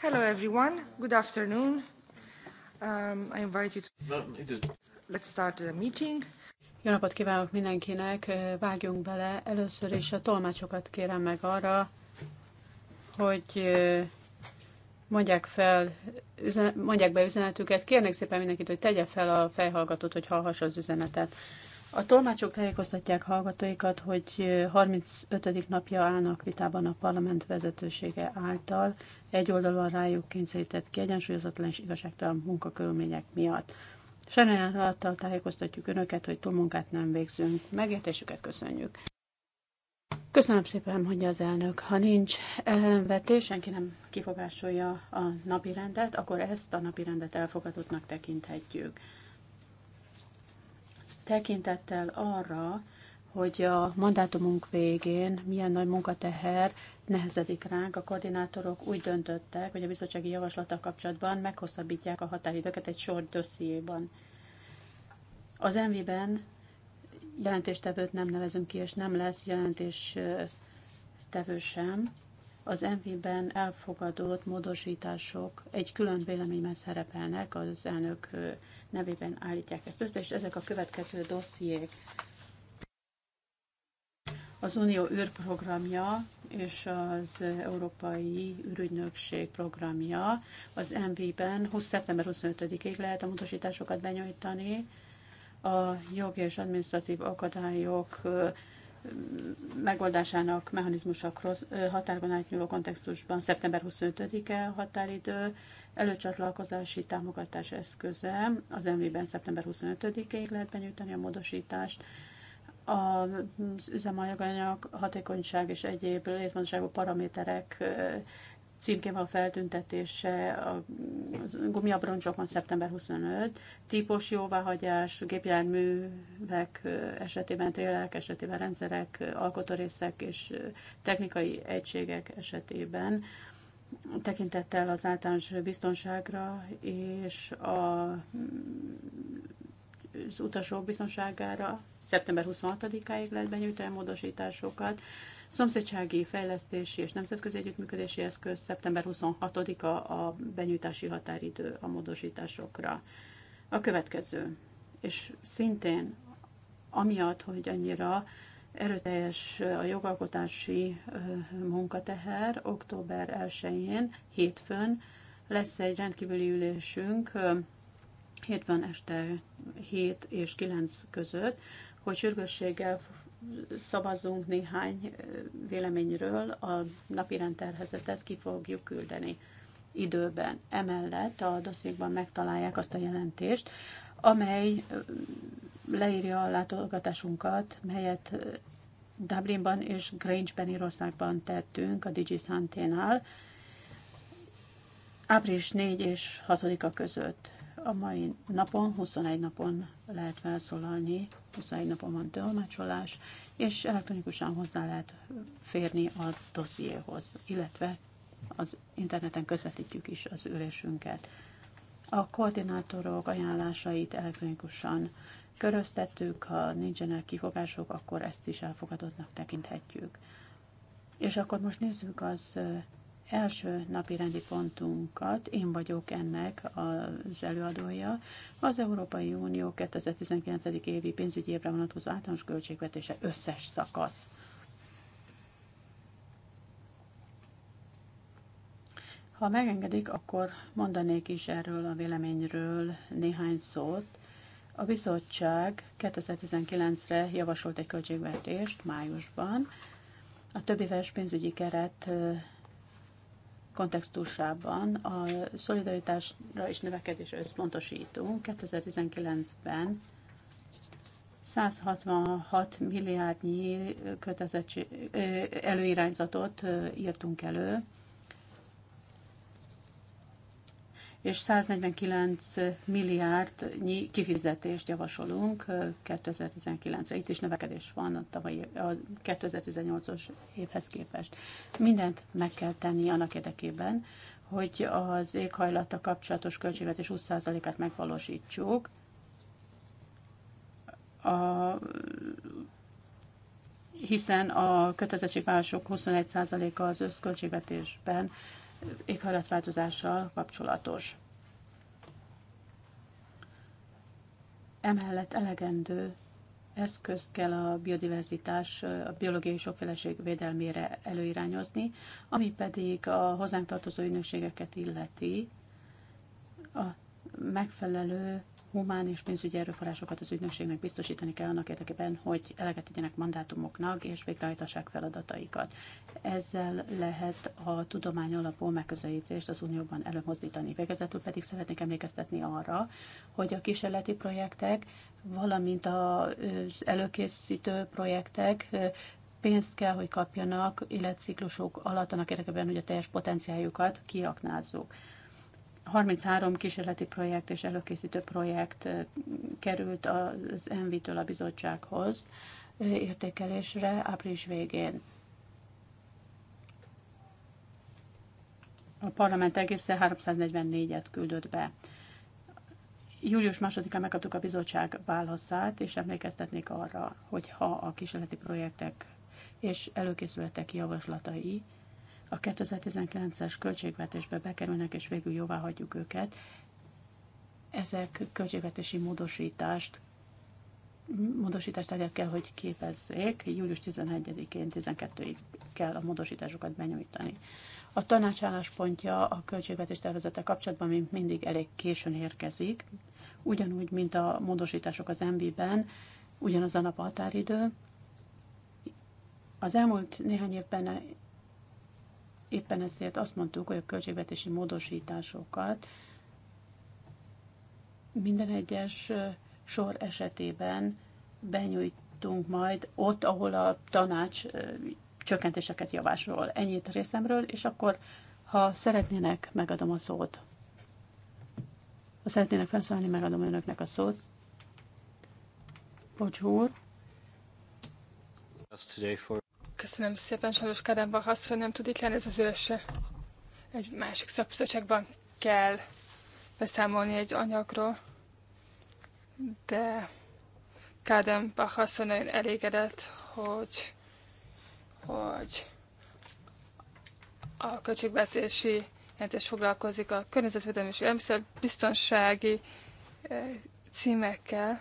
Hello everyone, good afternoon. Um, I invite you to... Let's start the meeting. Jó napot kívánok mindenkinek, vágjunk bele. Először is a tolmácsokat kérem meg arra, hogy mondják, fel, üzen, mondják be üzenetüket. Kérnek szépen mindenkit, hogy tegye fel a fejhallgatót, hogy hallhassa az üzenetet. A tolmácsok tájékoztatják hallgatóikat, hogy 35. napja állnak vitában a parlament vezetősége által egy oldalon rájuk kényszerített kiegyensúlyozatlan és igazságtalan munkakörülmények miatt. Sajnálattal tájékoztatjuk Önöket, hogy túlmunkát nem végzünk. Megértésüket köszönjük. Köszönöm szépen, mondja az elnök. Ha nincs ellenvetés, senki nem kifogásolja a napirendet, akkor ezt a napirendet elfogadottnak tekinthetjük tekintettel arra, hogy a mandátumunk végén milyen nagy munkateher nehezedik ránk, a koordinátorok úgy döntöttek, hogy a bizottsági javaslata kapcsolatban meghosszabbítják a határidőket egy sor dossziéban. Az MV-ben jelentéstevőt nem nevezünk ki, és nem lesz jelentéstevő sem. Az MV-ben elfogadott módosítások egy külön véleményben szerepelnek az elnök nevében állítják ezt össze, és ezek a következő dossziék. Az Unió űrprogramja és az Európai űrügynökség programja az MV-ben 20. szeptember 25-ig lehet a módosításokat benyújtani. A jogi és administratív akadályok megoldásának mechanizmusokról határban átnyúló kontextusban szeptember 25-e határidő, előcsatlakozási támogatás eszköze. Az MV-ben szeptember 25-ig lehet benyújtani a módosítást. Az üzemanyaganyag, hatékonyság és egyéb létfontosságú paraméterek a feltüntetése, a gumiabroncsokon szeptember 25, típus jóváhagyás, gépjárművek esetében, trélek esetében, rendszerek, alkotórészek és technikai egységek esetében tekintettel az általános biztonságra és a, az utasok biztonságára szeptember 26-áig lehet benyújtani a módosításokat. Szomszédsági fejlesztési és nemzetközi együttműködési eszköz szeptember 26-a a benyújtási határidő a módosításokra. A következő, és szintén amiatt, hogy annyira Erőteljes a jogalkotási munkateher. Október 1-én, hétfőn lesz egy rendkívüli ülésünk, hétfőn este 7 és 9 között, hogy sürgősséggel szavazzunk néhány véleményről, a napirend rendterhezetet ki fogjuk küldeni időben. Emellett a dosszékban megtalálják azt a jelentést, amely leírja a látogatásunkat, melyet Dublinban és Grange-ben Írországban tettünk a Digi Santénál április 4 és 6-a között. A mai napon, 21 napon lehet felszólalni, 21 napon van tolmácsolás, és elektronikusan hozzá lehet férni a dossziéhoz, illetve az interneten közvetítjük is az ülésünket. A koordinátorok ajánlásait elektronikusan köröztettük, ha nincsenek kifogások, akkor ezt is elfogadottnak tekinthetjük. És akkor most nézzük az első napi rendi pontunkat, én vagyok ennek az előadója, az Európai Unió 2019. évi pénzügyi évre vonatkozó általános költségvetése összes szakasz. Ha megengedik, akkor mondanék is erről a véleményről néhány szót. A bizottság 2019-re javasolt egy költségvetést májusban. A többéves pénzügyi keret kontextusában a szolidaritásra és növekedésre összpontosítunk. 2019-ben 166 milliárdnyi kötelezettség, előirányzatot írtunk elő, és 149 milliárd kifizetést javasolunk 2019-re. Itt is növekedés van a, tavalyi, a 2018-os évhez képest. Mindent meg kell tenni annak érdekében, hogy az éghajlata kapcsolatos költségvetés 20%-át megvalósítsuk. A, hiszen a kötelezettségvállalások 21%-a az összköltségvetésben éghajlatváltozással kapcsolatos. Emellett elegendő eszköz kell a biodiverzitás, a biológiai sokféleség védelmére előirányozni, ami pedig a hozzánk tartozó ügynökségeket illeti a megfelelő humán és pénzügyi erőforrásokat az ügynökségnek biztosítani kell annak érdekében, hogy eleget tegyenek mandátumoknak és végrehajtassák feladataikat. Ezzel lehet a tudomány alapú megközelítést az Unióban előmozdítani. Végezetül pedig szeretnék emlékeztetni arra, hogy a kísérleti projektek, valamint az előkészítő projektek pénzt kell, hogy kapjanak életciklusok alatt, annak érdekében, hogy a teljes potenciáljukat kiaknázzuk. 33 kísérleti projekt és előkészítő projekt került az Envitől től a bizottsághoz értékelésre április végén. A parlament egészen 344-et küldött be. Július 2-án megkaptuk a bizottság válaszát, és emlékeztetnék arra, hogy ha a kísérleti projektek és előkészületek javaslatai a 2019-es költségvetésbe bekerülnek, és végül jóvá hagyjuk őket. Ezek költségvetési módosítást módosítást el kell, hogy képezzék, július 11-én 12-ig kell a módosításokat benyújtani. A tanácsálláspontja a költségvetés tervezete kapcsolatban mint mindig elég későn érkezik, ugyanúgy, mint a módosítások az MV-ben, ugyanaz a nap határidő. Az elmúlt néhány évben éppen ezért azt mondtuk, hogy a költségvetési módosításokat minden egyes sor esetében benyújtunk majd ott, ahol a tanács csökkentéseket javasol, Ennyit részemről, és akkor, ha szeretnének, megadom a szót. Ha szeretnének felszólalni, megadom önöknek a szót. Bocs úr. Köszönöm szépen, sajnos Kádánbach azt, hogy nem tud itt lenni, ez az őse. Egy másik szakbizottságban kell beszámolni egy anyagról, de Kádám azt, nagyon elégedett, hogy, hogy a költségvetési jelentés foglalkozik a környezetvédelmi és biztonsági eh, címekkel,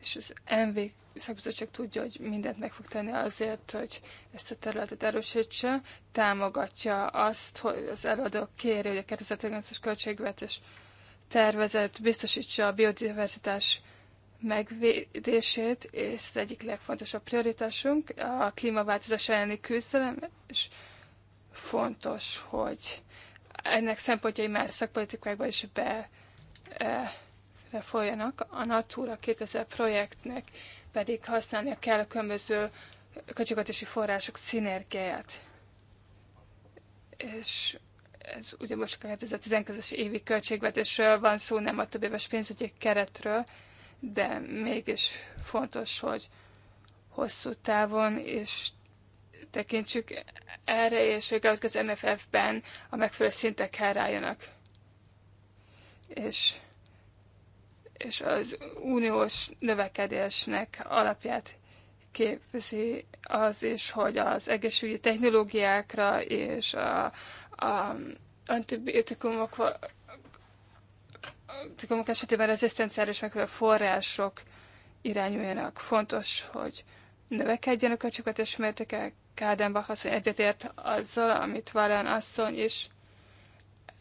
és az MVK szakbizottság tudja, hogy mindent meg fog tenni azért, hogy ezt a területet erősítse, támogatja azt, hogy az előadó kéri, hogy a 2019 es költségvetés tervezet biztosítsa a biodiverzitás megvédését, és ez egyik legfontosabb prioritásunk, a klímaváltozás elleni küzdelem, és fontos, hogy ennek szempontjai már szakpolitikákban is be, e, eh, folyanak. A Natura 2000 projektnek pedig használni kell a különböző költségvetési források szinergiáját. És ez ugye most a 2012 es évi költségvetésről van szó, nem a több éves pénzügyi keretről, de mégis fontos, hogy hosszú távon és tekintsük erre, és hogy az MFF-ben a megfelelő szintek rájönnek. És és az uniós növekedésnek alapját képzi az is, hogy az egészségügyi technológiákra és a, a antibiotikumok antibiotikumok esetében rezisztenciális megfelelő források irányuljanak. Fontos, hogy növekedjenek a és mértékek Kádenbach azt egyetért azzal, amit Valen asszony is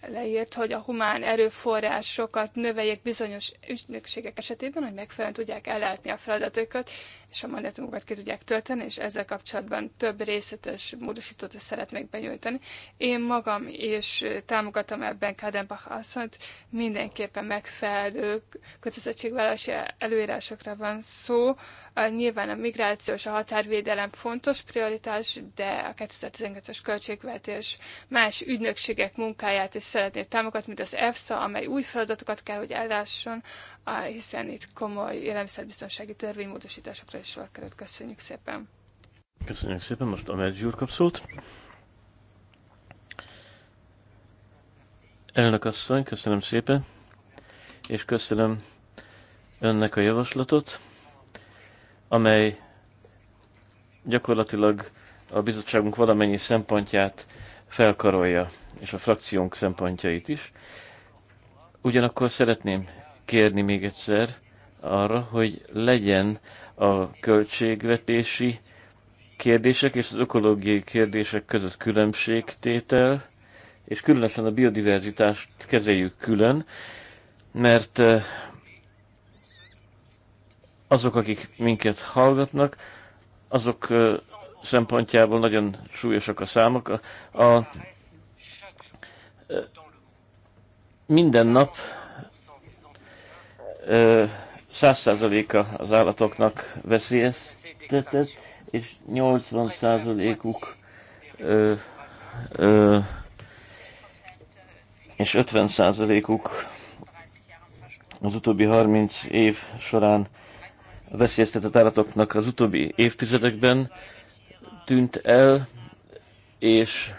leírt, hogy a humán erőforrásokat növeljék bizonyos ügynökségek esetében, hogy megfelelően tudják ellátni a feladatokat, és a mandátumukat ki tudják tölteni, és ezzel kapcsolatban több részletes módosítót is szeretnék benyújtani. Én magam is támogatom ebben Kadenbach asszonyt, mindenképpen megfelelő kötelezettségvállalási előírásokra van szó, Nyilván a migráció és a határvédelem fontos prioritás, de a 2012-es költségvetés más ügynökségek munkáját is szeretné támogatni, mint az EFSA, amely új feladatokat kell, hogy ellásson, hiszen itt komoly élelmiszerbiztonsági törvénymódosításokra is sor került. Köszönjük szépen! Köszönjük szépen, most a Medgy úr kap szót. Elnök asszony, köszönöm szépen, és köszönöm önnek a javaslatot amely gyakorlatilag a bizottságunk valamennyi szempontját felkarolja, és a frakciónk szempontjait is. Ugyanakkor szeretném kérni még egyszer arra, hogy legyen a költségvetési kérdések és az ökológiai kérdések között különbségtétel, és különösen a biodiverzitást kezeljük külön, mert eh, azok, akik minket hallgatnak, azok szempontjából nagyon súlyosak a számok. A, a, minden nap száz százaléka az állatoknak veszélyeztetett, és 80 százalékuk és 50 százalékuk az utóbbi 30 év során veszélyeztetett állatoknak az utóbbi évtizedekben tűnt el, és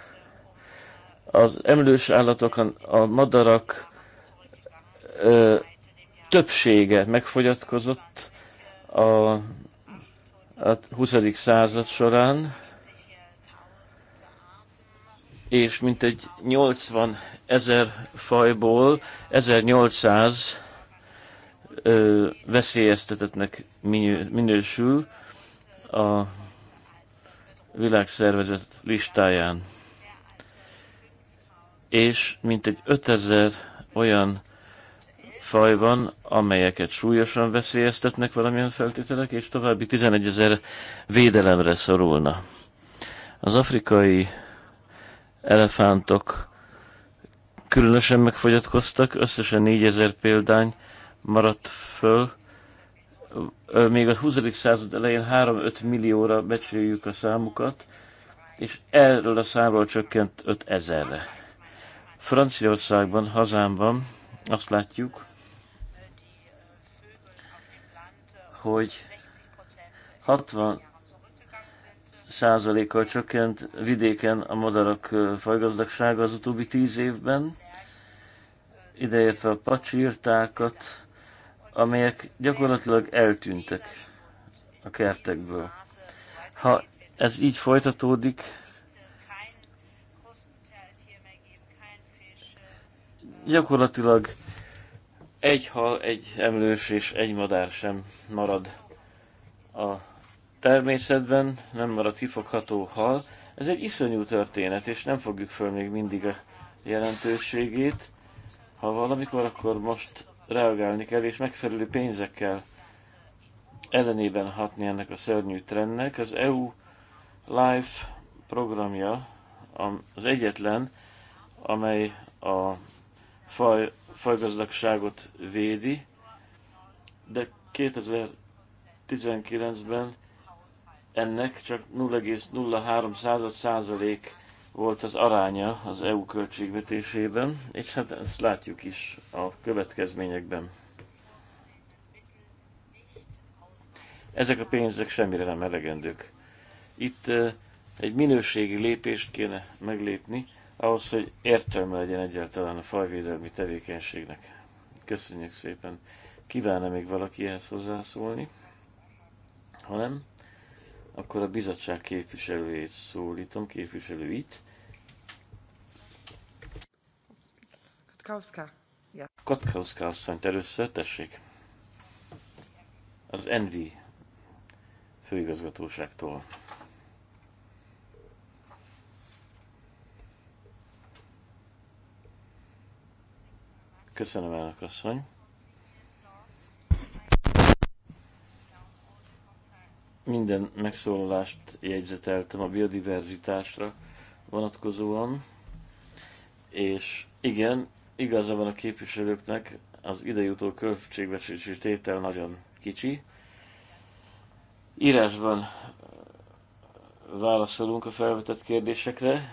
az emlős állatok, a madarak ö, többsége megfogyatkozott a, a 20. század során, és mintegy 80 ezer fajból 1800 ö, veszélyeztetetnek minősül a világszervezet listáján. És mintegy 5000 olyan faj van, amelyeket súlyosan veszélyeztetnek valamilyen feltételek, és további 11 ezer védelemre szorulna. Az afrikai elefántok különösen megfogyatkoztak, összesen 4000 példány maradt föl. Még a 20. század elején 3-5 millióra becsüljük a számukat, és erről a számról csökkent 5 ezerre. Franciaországban, hazámban azt látjuk, hogy 60 százalékkal csökkent vidéken a madarak fajgazdagsága az utóbbi tíz évben, ideértve a pacsírtákat, amelyek gyakorlatilag eltűntek a kertekből. Ha ez így folytatódik, gyakorlatilag egy hal, egy emlős és egy madár sem marad a természetben, nem marad kifogható hal. Ez egy iszonyú történet, és nem fogjuk föl még mindig a jelentőségét. Ha valamikor, akkor most reagálni kell, és megfelelő pénzekkel ellenében hatni ennek a szörnyű trendnek. Az EU Life programja az egyetlen, amely a faj, fajgazdagságot védi, de 2019-ben ennek csak 0,03 százalék volt az aránya az EU költségvetésében, és hát ezt látjuk is a következményekben. Ezek a pénzek semmire nem elegendők. Itt egy minőségi lépést kéne meglépni, ahhoz, hogy értelme legyen egyáltalán a fajvédelmi tevékenységnek. Köszönjük szépen! Kívánna még valaki ehhez hozzászólni? Ha nem, akkor a bizottság képviselőjét szólítom, képviselőit. Katkauszka. Ja. Katkauszka asszonyt először, tessék. Az Envi főigazgatóságtól. Köszönöm, elnök asszony. Minden megszólalást jegyzeteltem a biodiverzitásra vonatkozóan, és igen, igaza van a képviselőknek, az idejutó költségvetési tétel nagyon kicsi. Írásban válaszolunk a felvetett kérdésekre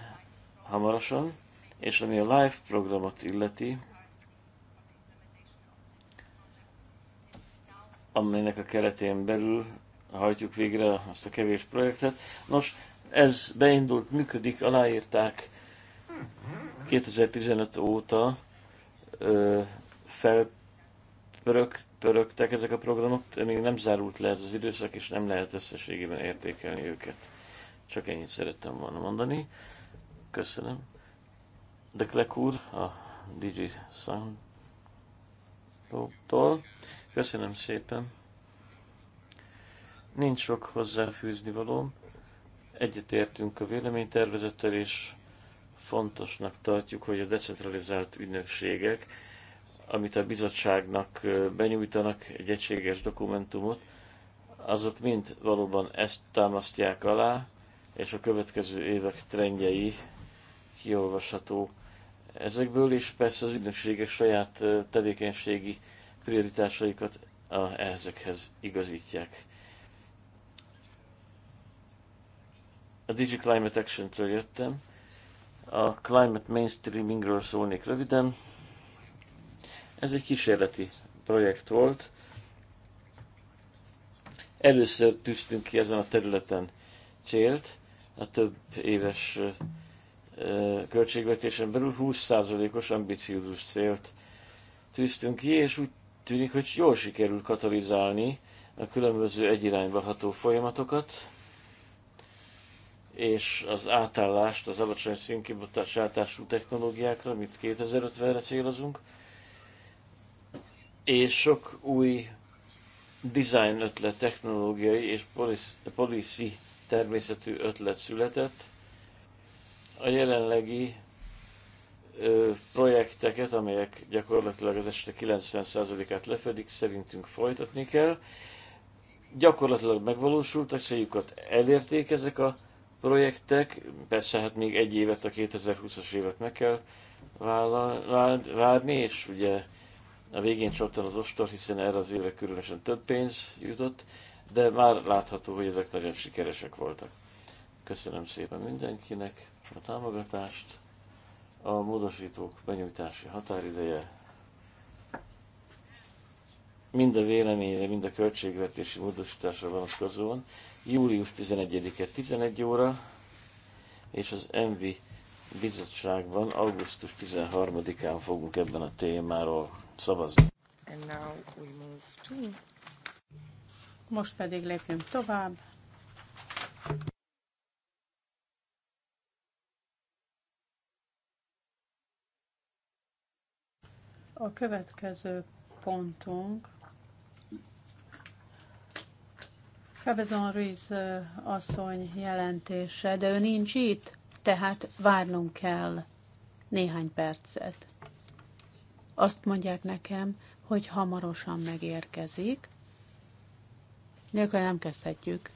hamarosan, és ami a live programot illeti, amelynek a keretén belül hajtjuk végre azt a kevés projektet. Nos, ez beindult, működik, aláírták 2015 óta ö, felpörög, pörögtek ezek a programok, de még nem zárult le ez az időszak, és nem lehet összességében értékelni őket. Csak ennyit szerettem volna mondani. Köszönöm. De Klek úr, a DJ Sound-tól. Köszönöm szépen. Nincs sok hozzáfűzni valóm. Egyetértünk a véleménytervezettel, és fontosnak tartjuk, hogy a decentralizált ügynökségek, amit a bizottságnak benyújtanak egy egységes dokumentumot, azok mind valóban ezt támasztják alá, és a következő évek trendjei kiolvasható ezekből, is persze az ügynökségek saját tevékenységi prioritásaikat a, ezekhez igazítják. a Digi Climate Action-től jöttem. A Climate Mainstreamingről szólnék röviden. Ez egy kísérleti projekt volt. Először tűztünk ki ezen a területen célt, a több éves költségvetésen belül 20%-os ambiciózus célt tűztünk ki, és úgy tűnik, hogy jól sikerült katalizálni a különböző egyirányba ható folyamatokat és az átállást az alacsony átású technológiákra, mint 2050-re célozunk, és sok új design ötlet, technológiai és policy természetű ötlet született. A jelenlegi ö, projekteket, amelyek gyakorlatilag az este 90%-át lefedik, szerintünk folytatni kell. Gyakorlatilag megvalósultak, céljukat elérték ezek a projektek, persze hát még egy évet a 2020-as évet meg kell várni, és ugye a végén csattan az ostor, hiszen erre az évre különösen több pénz jutott, de már látható, hogy ezek nagyon sikeresek voltak. Köszönöm szépen mindenkinek a támogatást. A módosítók benyújtási határideje mind a véleményre, mind a költségvetési módosításra vonatkozóan július 11-e 11 óra, és az Envi bizottságban augusztus 13-án fogunk ebben a témáról szavazni. Most pedig lépjünk tovább. A következő pontunk Cabezon Ruiz asszony jelentése, de ő nincs itt, tehát várnunk kell néhány percet. Azt mondják nekem, hogy hamarosan megérkezik. Nélkül nem kezdhetjük.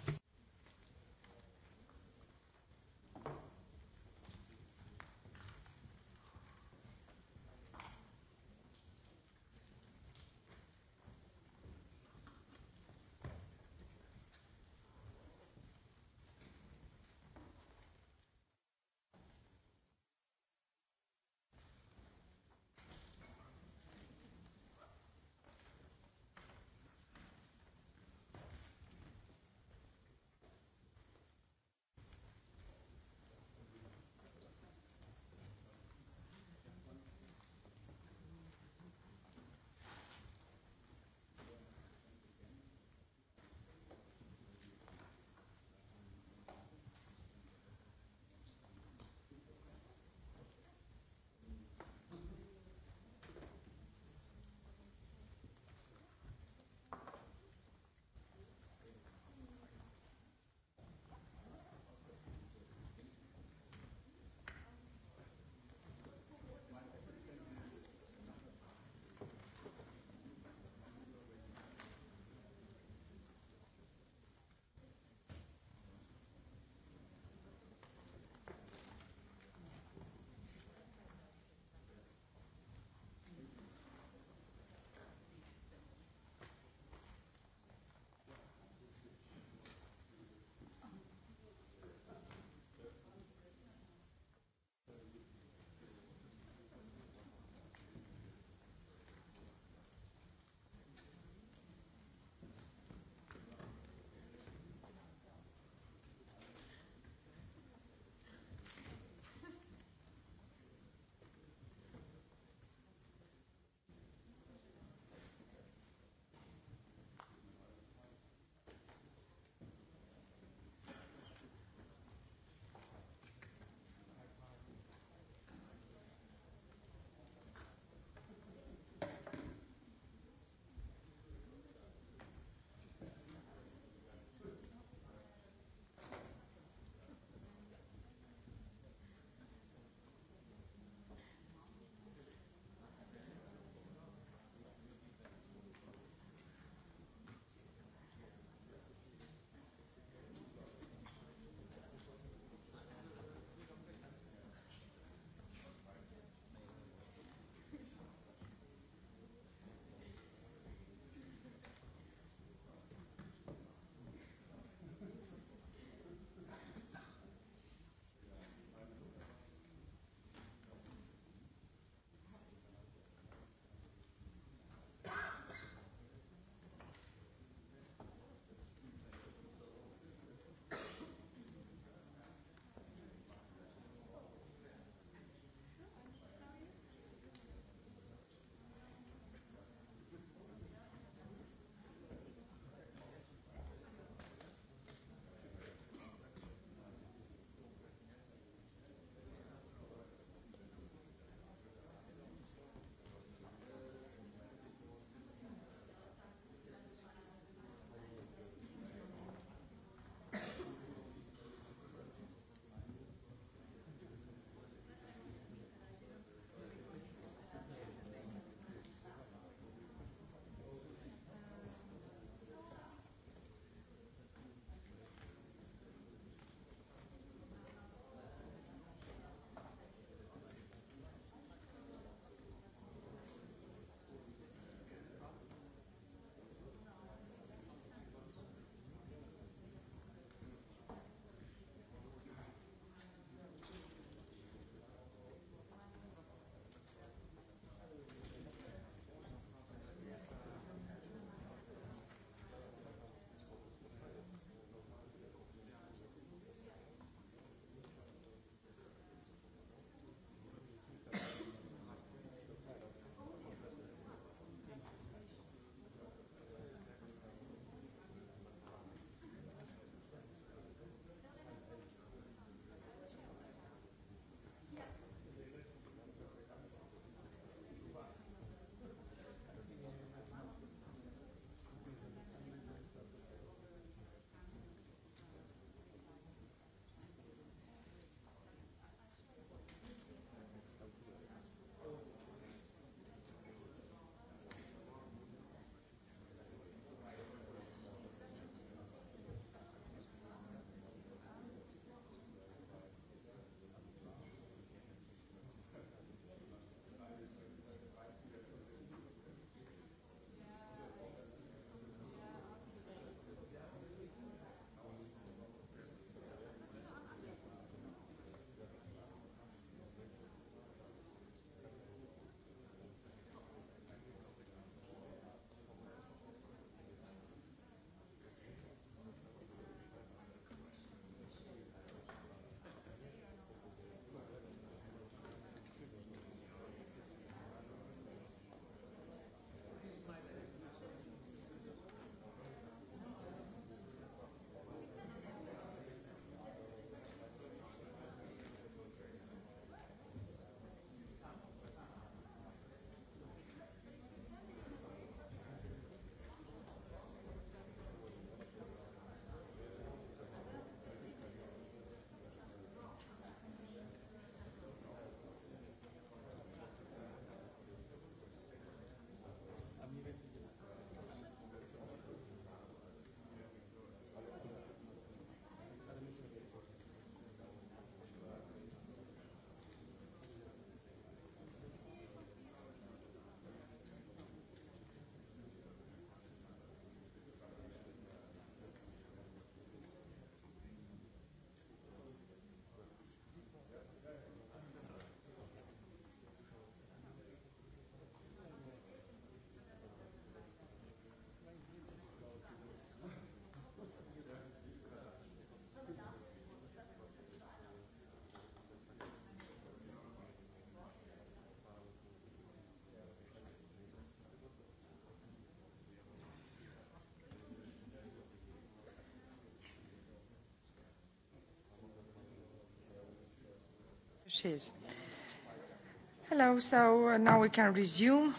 Hello, so uh, now we can resume.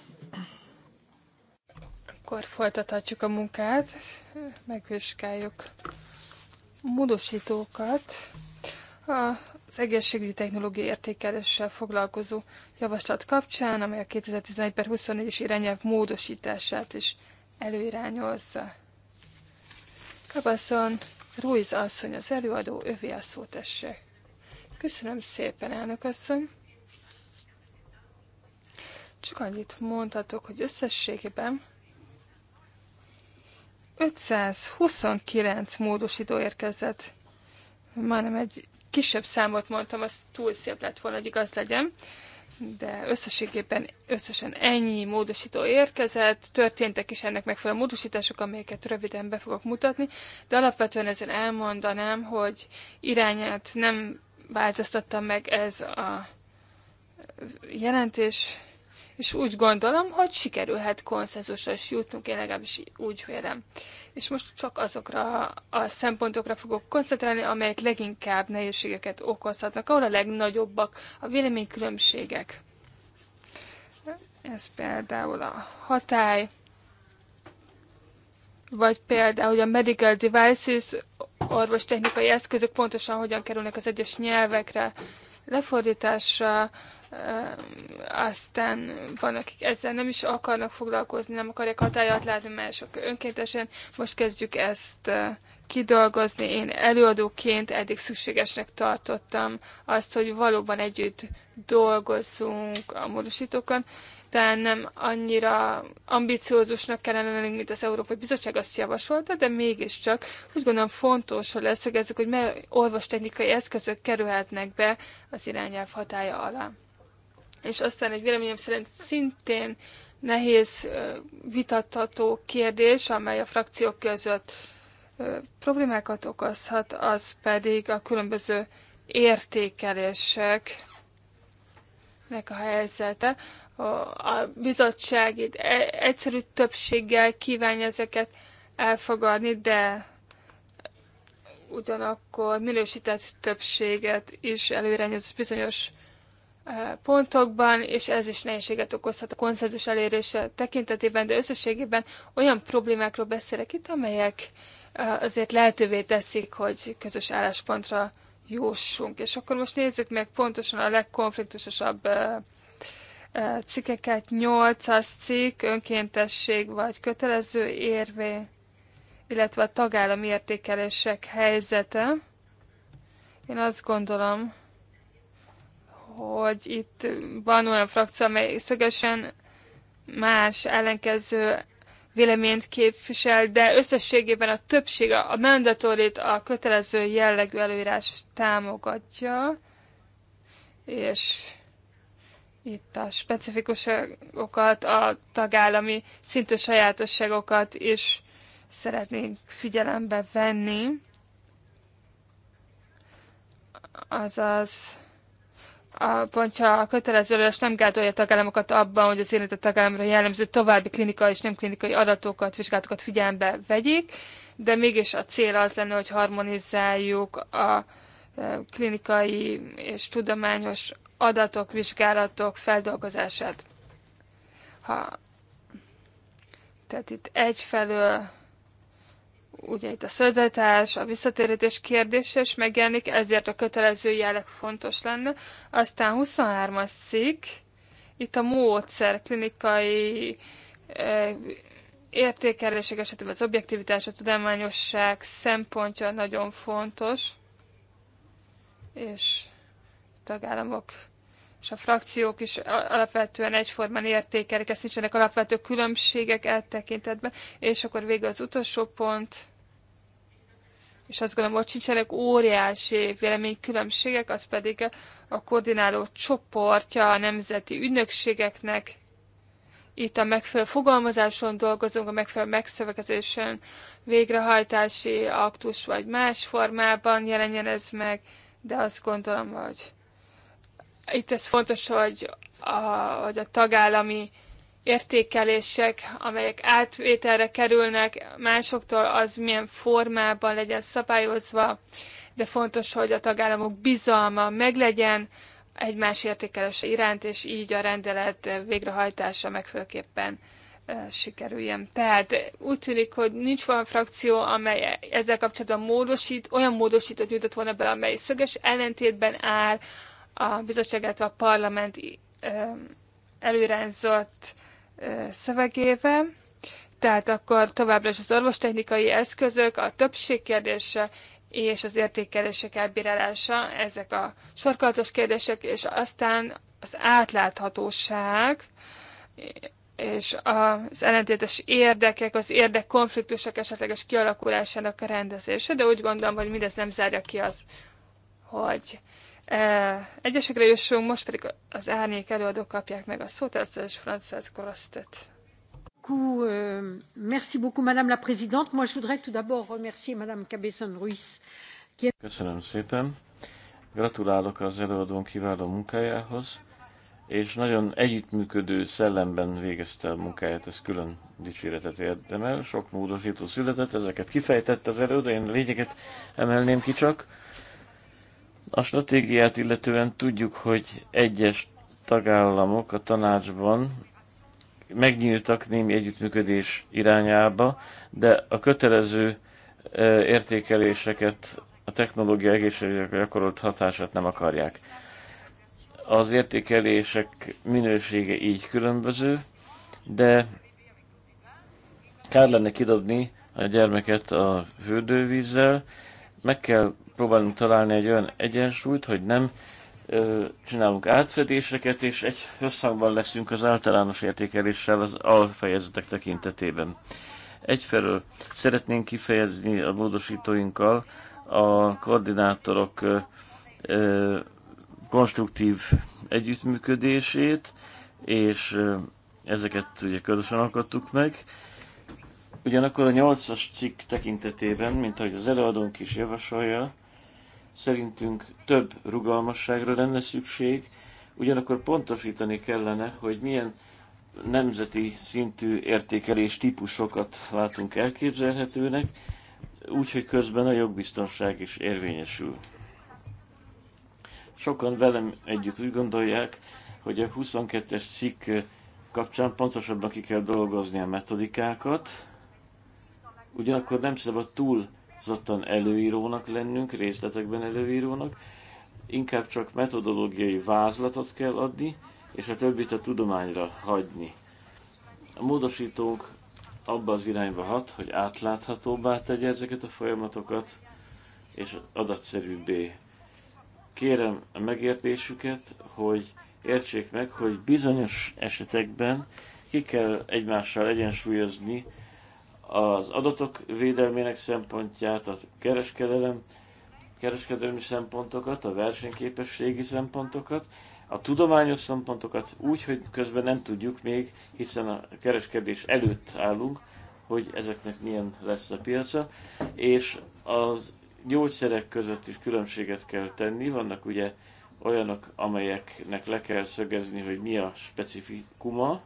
Akkor folytathatjuk a munkát, megvizsgáljuk módosítókat. Az egészségügyi technológiai értékeléssel foglalkozó javaslat kapcsán, amely a 2011-24-es irányelv módosítását is előirányozza. Kabaszon Ruiz asszony az előadó, övé a szó tessék. Köszönöm szépen, elnök asszony. Csak annyit mondhatok, hogy összességében 529 módosító érkezett. Már nem egy kisebb számot mondtam, az túl szép lett volna, hogy igaz legyen de összességében összesen ennyi módosító érkezett, történtek is ennek megfelelő módosítások, amelyeket röviden be fogok mutatni, de alapvetően ezen elmondanám, hogy irányát nem változtatta meg ez a jelentés, és úgy gondolom, hogy sikerülhet konszenzusra is jutnunk, én legalábbis úgy vélem. És most csak azokra a szempontokra fogok koncentrálni, amelyek leginkább nehézségeket okozhatnak, ahol a legnagyobbak a véleménykülönbségek. Ez például a hatály, vagy például a medical devices orvostechnikai eszközök pontosan hogyan kerülnek az egyes nyelvekre lefordításra, eh, aztán van, akik ezzel nem is akarnak foglalkozni, nem akarják hatályat látni, mások önkéntesen. Most kezdjük ezt eh, kidolgozni. Én előadóként eddig szükségesnek tartottam azt, hogy valóban együtt dolgozzunk a módosítókon talán nem annyira ambiciózusnak kellene lenni, mint az Európai Bizottság azt javasolta, de mégiscsak úgy gondolom fontos, hogy leszögezzük, hogy mely olvastechnikai eszközök kerülhetnek be az irányelv hatája alá. És aztán egy véleményem szerint szintén nehéz vitatható kérdés, amely a frakciók között problémákat okozhat, az pedig a különböző értékelések a helyzete a bizottság itt e, egyszerű többséggel kívánja ezeket elfogadni, de ugyanakkor minősített többséget is előirányoz bizonyos e, pontokban, és ez is nehézséget okozhat a konszenzus elérése tekintetében, de összességében olyan problémákról beszélek itt, amelyek e, azért lehetővé teszik, hogy közös álláspontra jussunk. És akkor most nézzük meg pontosan a legkonfliktusosabb cikkeket, 800 cikk, önkéntesség vagy kötelező érvé, illetve a tagállami értékelések helyzete. Én azt gondolom, hogy itt van olyan frakció, amely szögesen más ellenkező véleményt képvisel, de összességében a többség a mandatorit, a kötelező jellegű előírás támogatja, és itt a specifikusokat, a tagállami szintű sajátosságokat is szeretnénk figyelembe venni. Azaz, a, pontja a kötelező és nem gátolja a tagállamokat abban, hogy az érintett tagállamra jellemző további klinikai és nem klinikai adatokat, vizsgálatokat figyelembe vegyék, de mégis a cél az lenne, hogy harmonizáljuk a e, klinikai és tudományos adatok, vizsgálatok feldolgozását. Ha, tehát itt egyfelől ugye itt a szolidaritás, a visszatérítés kérdése is megjelenik, ezért a kötelező jelleg fontos lenne. Aztán 23-as cikk, itt a módszer, klinikai értékelések esetében az objektivitás, a tudományosság szempontja nagyon fontos, és tagállamok és a frakciók is alapvetően egyformán értékelik, ezt nincsenek alapvető különbségek eltekintetben, és akkor végül az utolsó pont, és azt gondolom, hogy sincsenek óriási véleménykülönbségek, az pedig a koordináló csoportja a nemzeti ügynökségeknek, itt a megfelelő fogalmazáson dolgozunk, a megfelelő megszövegezésen, végrehajtási aktus vagy más formában jelenjen ez meg, de azt gondolom, hogy itt ez fontos, hogy a, hogy a tagállami értékelések, amelyek átvételre kerülnek másoktól, az milyen formában legyen szabályozva, de fontos, hogy a tagállamok bizalma meglegyen egymás értékelése iránt, és így a rendelet végrehajtása megfőképpen sikerüljen. Tehát úgy tűnik, hogy nincs olyan frakció, amely ezzel kapcsolatban módosít, olyan módosított nyújtott volna be, amely szöges ellentétben áll a bizottság, illetve a parlament előrányzott szövegével. Tehát akkor továbbra is az orvostechnikai eszközök, a többség kérdése és az értékelések elbírálása, ezek a sorkalatos kérdések, és aztán az átláthatóság, és az ellentétes érdekek, az érdekkonfliktusok esetleges kialakulásának a rendezése, de úgy gondolom, hogy mindez nem zárja ki az, hogy egyesekre jussunk, most pedig az árnyék előadók kapják meg a szót, először is Frances Korasztet. Merci beaucoup, Madame la Présidente. Moi, je voudrais tout d'abord remercier Madame Cabezon Ruiz. Köszönöm szépen. Gratulálok az előadón kiváló munkájához, és nagyon együttműködő szellemben végezte a munkáját, ez külön dicséretet érdemel. Sok módosító született, ezeket kifejtett az előadó, én lényeget emelném ki csak a stratégiát illetően tudjuk, hogy egyes tagállamok a tanácsban megnyíltak némi együttműködés irányába, de a kötelező e, értékeléseket, a technológia egészségügyekre gyakorolt hatását nem akarják. Az értékelések minősége így különböző, de kár lenne kidobni a gyermeket a fürdővízzel, meg kell próbálnunk találni egy olyan egyensúlyt, hogy nem ö, csinálunk átfedéseket, és egy összhangban leszünk az általános értékeléssel az alfejezetek tekintetében. Egyfelől szeretnénk kifejezni a módosítóinkkal a koordinátorok ö, ö, konstruktív együttműködését, és ö, ezeket ugye közösen alkottuk meg, Ugyanakkor a nyolcas cikk tekintetében, mint ahogy az előadónk is javasolja, szerintünk több rugalmasságra lenne szükség, ugyanakkor pontosítani kellene, hogy milyen nemzeti szintű értékelés típusokat látunk elképzelhetőnek, úgyhogy közben a jogbiztonság is érvényesül. Sokan velem együtt úgy gondolják, hogy a 22-es cikk kapcsán pontosabban ki kell dolgozni a metodikákat, ugyanakkor nem szabad túl zottan előírónak lennünk, részletekben előírónak, inkább csak metodológiai vázlatot kell adni, és a többit a tudományra hagyni. A módosítónk abba az irányba hat, hogy átláthatóbbá tegye ezeket a folyamatokat, és adatszerűbbé. Kérem a megértésüket, hogy értsék meg, hogy bizonyos esetekben ki kell egymással egyensúlyozni az adatok védelmének szempontját, a kereskedelem, kereskedelmi szempontokat, a versenyképességi szempontokat, a tudományos szempontokat úgy, hogy közben nem tudjuk még, hiszen a kereskedés előtt állunk, hogy ezeknek milyen lesz a piaca, és az gyógyszerek között is különbséget kell tenni. Vannak ugye olyanok, amelyeknek le kell szögezni, hogy mi a specifikuma,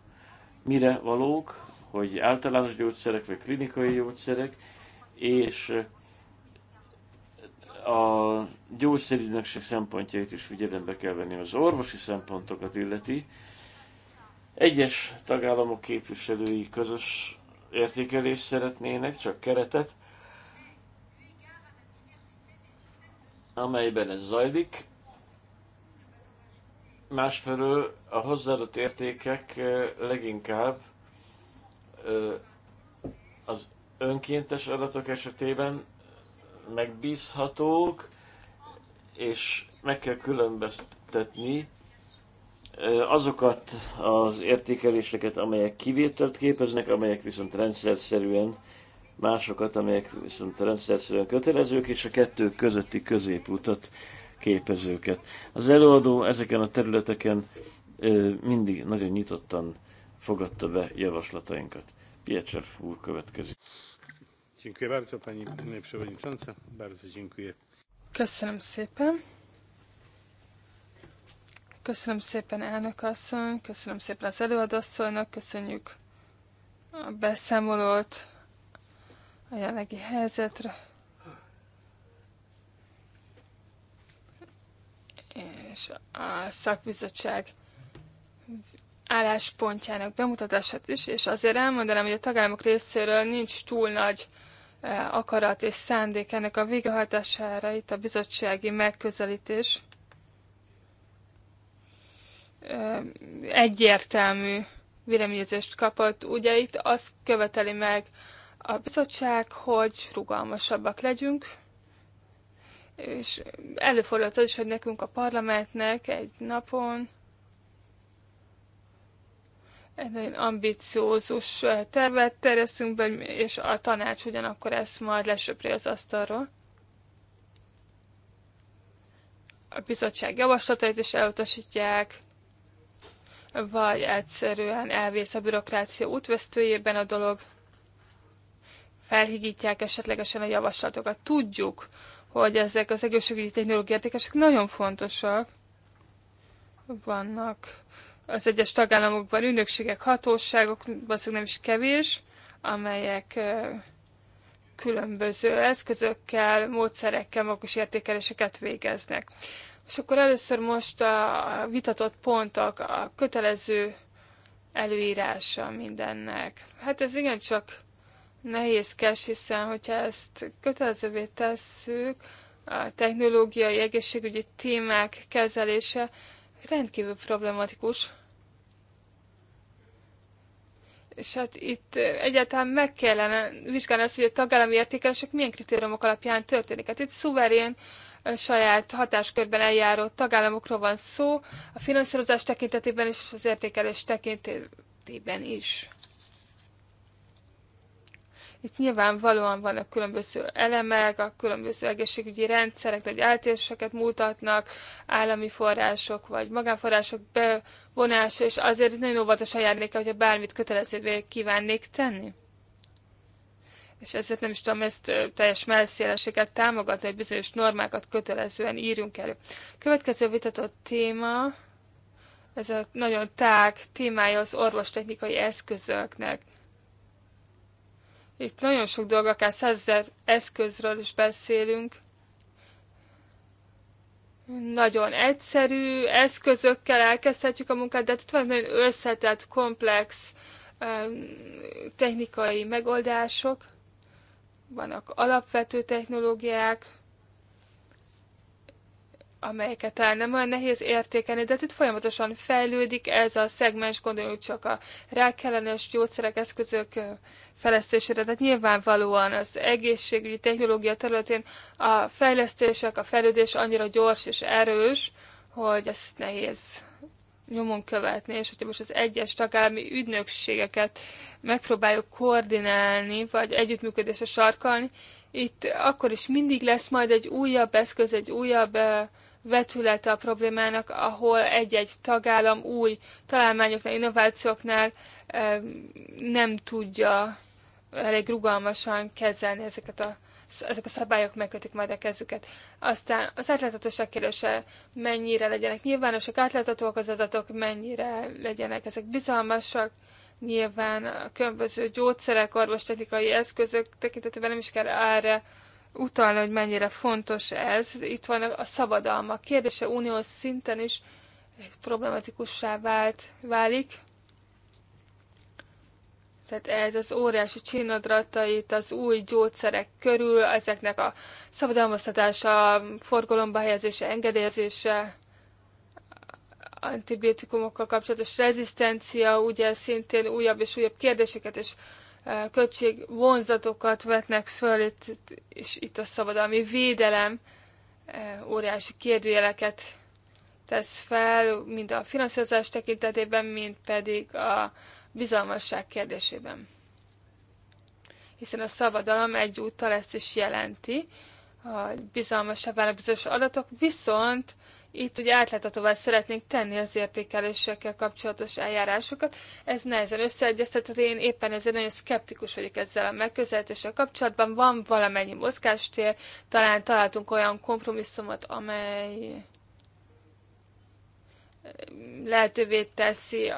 mire valók, hogy általános gyógyszerek vagy klinikai gyógyszerek, és a gyógyszerügynökség szempontjait is figyelembe kell venni, az orvosi szempontokat illeti. Egyes tagállamok képviselői közös értékelést szeretnének, csak keretet, amelyben ez zajlik. Másfelől a hozzáadott értékek eh, leginkább az önkéntes adatok esetében megbízhatók, és meg kell különböztetni azokat az értékeléseket, amelyek kivételt képeznek, amelyek viszont rendszerszerűen másokat, amelyek viszont rendszerszerűen kötelezők, és a kettő közötti középutat képezőket. Az előadó ezeken a területeken mindig nagyon nyitottan fogadta be javaslatainkat. Piecsev úr következik. Dziękuję bardzo, pani przewodnicząca. Bardzo dziękuję. Köszönöm szépen. Köszönöm szépen elnök asszony, köszönöm szépen az előadasszonynak, köszönjük a beszámolót a jelenlegi helyzetre. És a szakbizottság álláspontjának bemutatását is, és azért elmondanám, hogy a tagállamok részéről nincs túl nagy eh, akarat és szándék ennek a végrehajtására, itt a bizottsági megközelítés eh, egyértelmű véleményezést kapott. Ugye itt azt követeli meg a bizottság, hogy rugalmasabbak legyünk, és előfordult az is, hogy nekünk a parlamentnek egy napon egy nagyon ambiciózus tervet terjesztünk be, és a tanács ugyanakkor ezt majd lesöpri az asztalról. A bizottság javaslatait is elutasítják, vagy egyszerűen elvész a bürokrácia útvesztőjében a dolog, felhigítják esetlegesen a javaslatokat. Tudjuk, hogy ezek az egészségügyi technológiai értékesek nagyon fontosak. Vannak az egyes tagállamokban ügynökségek, hatóságok, valószínűleg nem is kevés, amelyek különböző eszközökkel, módszerekkel, magas értékeléseket végeznek. És akkor először most a vitatott pontok, a kötelező előírása mindennek. Hát ez igencsak nehézkes, hiszen hogyha ezt kötelezővé tesszük, a technológiai egészségügyi témák kezelése, rendkívül problematikus, és hát itt egyáltalán meg kellene vizsgálni azt, hogy a tagállami értékelések milyen kritériumok alapján történik. Hát itt szuverén saját hatáskörben eljáró tagállamokról van szó, a finanszírozás tekintetében is, és az értékelés tekintetében is. Itt nyilvánvalóan vannak különböző elemek, a különböző egészségügyi rendszerek, vagy eltéréseket mutatnak, állami források, vagy magánforrások bevonása, és azért nagyon óvatosan járnék, hogyha bármit kötelezővé kívánnék tenni és ezért nem is tudom ezt teljes melszéleséget támogatni, hogy bizonyos normákat kötelezően írjunk elő. Következő vitatott téma, ez a nagyon tág témája az orvostechnikai eszközöknek. Itt nagyon sok dolog, akár százezer eszközről is beszélünk. Nagyon egyszerű eszközökkel elkezdhetjük a munkát, de itt van nagyon összetett, komplex technikai megoldások, vannak alapvető technológiák, amelyeket el nem olyan nehéz értékelni, de itt folyamatosan fejlődik ez a szegmens, gondoljuk csak a rákellenes gyógyszerek, eszközök fejlesztésére, tehát nyilvánvalóan az egészségügyi technológia területén a fejlesztések, a fejlődés annyira gyors és erős, hogy ezt nehéz nyomon követni, és hogyha most az egyes tagállami ügynökségeket megpróbáljuk koordinálni, vagy együttműködésre sarkalni, itt akkor is mindig lesz majd egy újabb eszköz, egy újabb vetülete a problémának, ahol egy-egy tagállam új találmányoknál, innovációknál nem tudja elég rugalmasan kezelni ezeket a ezek a szabályok megkötik majd a kezüket. Aztán az átláthatóság kérdése, mennyire legyenek nyilvánosak, átláthatóak az adatok, mennyire legyenek ezek bizalmasak, nyilván a különböző gyógyszerek, orvostechnikai eszközök tekintetében nem is kell erre utalni, hogy mennyire fontos ez. Itt van a szabadalmak kérdése uniós szinten is problematikussá vált, válik. Tehát ez az óriási csinadratait, az új gyógyszerek körül, ezeknek a szabadalmaztatása, forgalomba helyezése, engedélyezése, antibiotikumokkal kapcsolatos rezisztencia, ugye szintén újabb és újabb kérdéseket és költség vonzatokat vetnek föl, itt, és itt a szabadalmi védelem óriási kérdőjeleket tesz fel, mind a finanszírozás tekintetében, mind pedig a bizalmasság kérdésében. Hiszen a szabadalom egyúttal ezt is jelenti, a bizalmasabb bizonyos adatok, viszont itt ugye átláthatóvá szeretnénk tenni az értékelésekkel kapcsolatos eljárásokat. Ez nehezen összeegyeztethető, én éppen ezért nagyon szkeptikus vagyok ezzel a megközelítéssel kapcsolatban. Van valamennyi mozgástér, talán találtunk olyan kompromisszumot, amely lehetővé teszi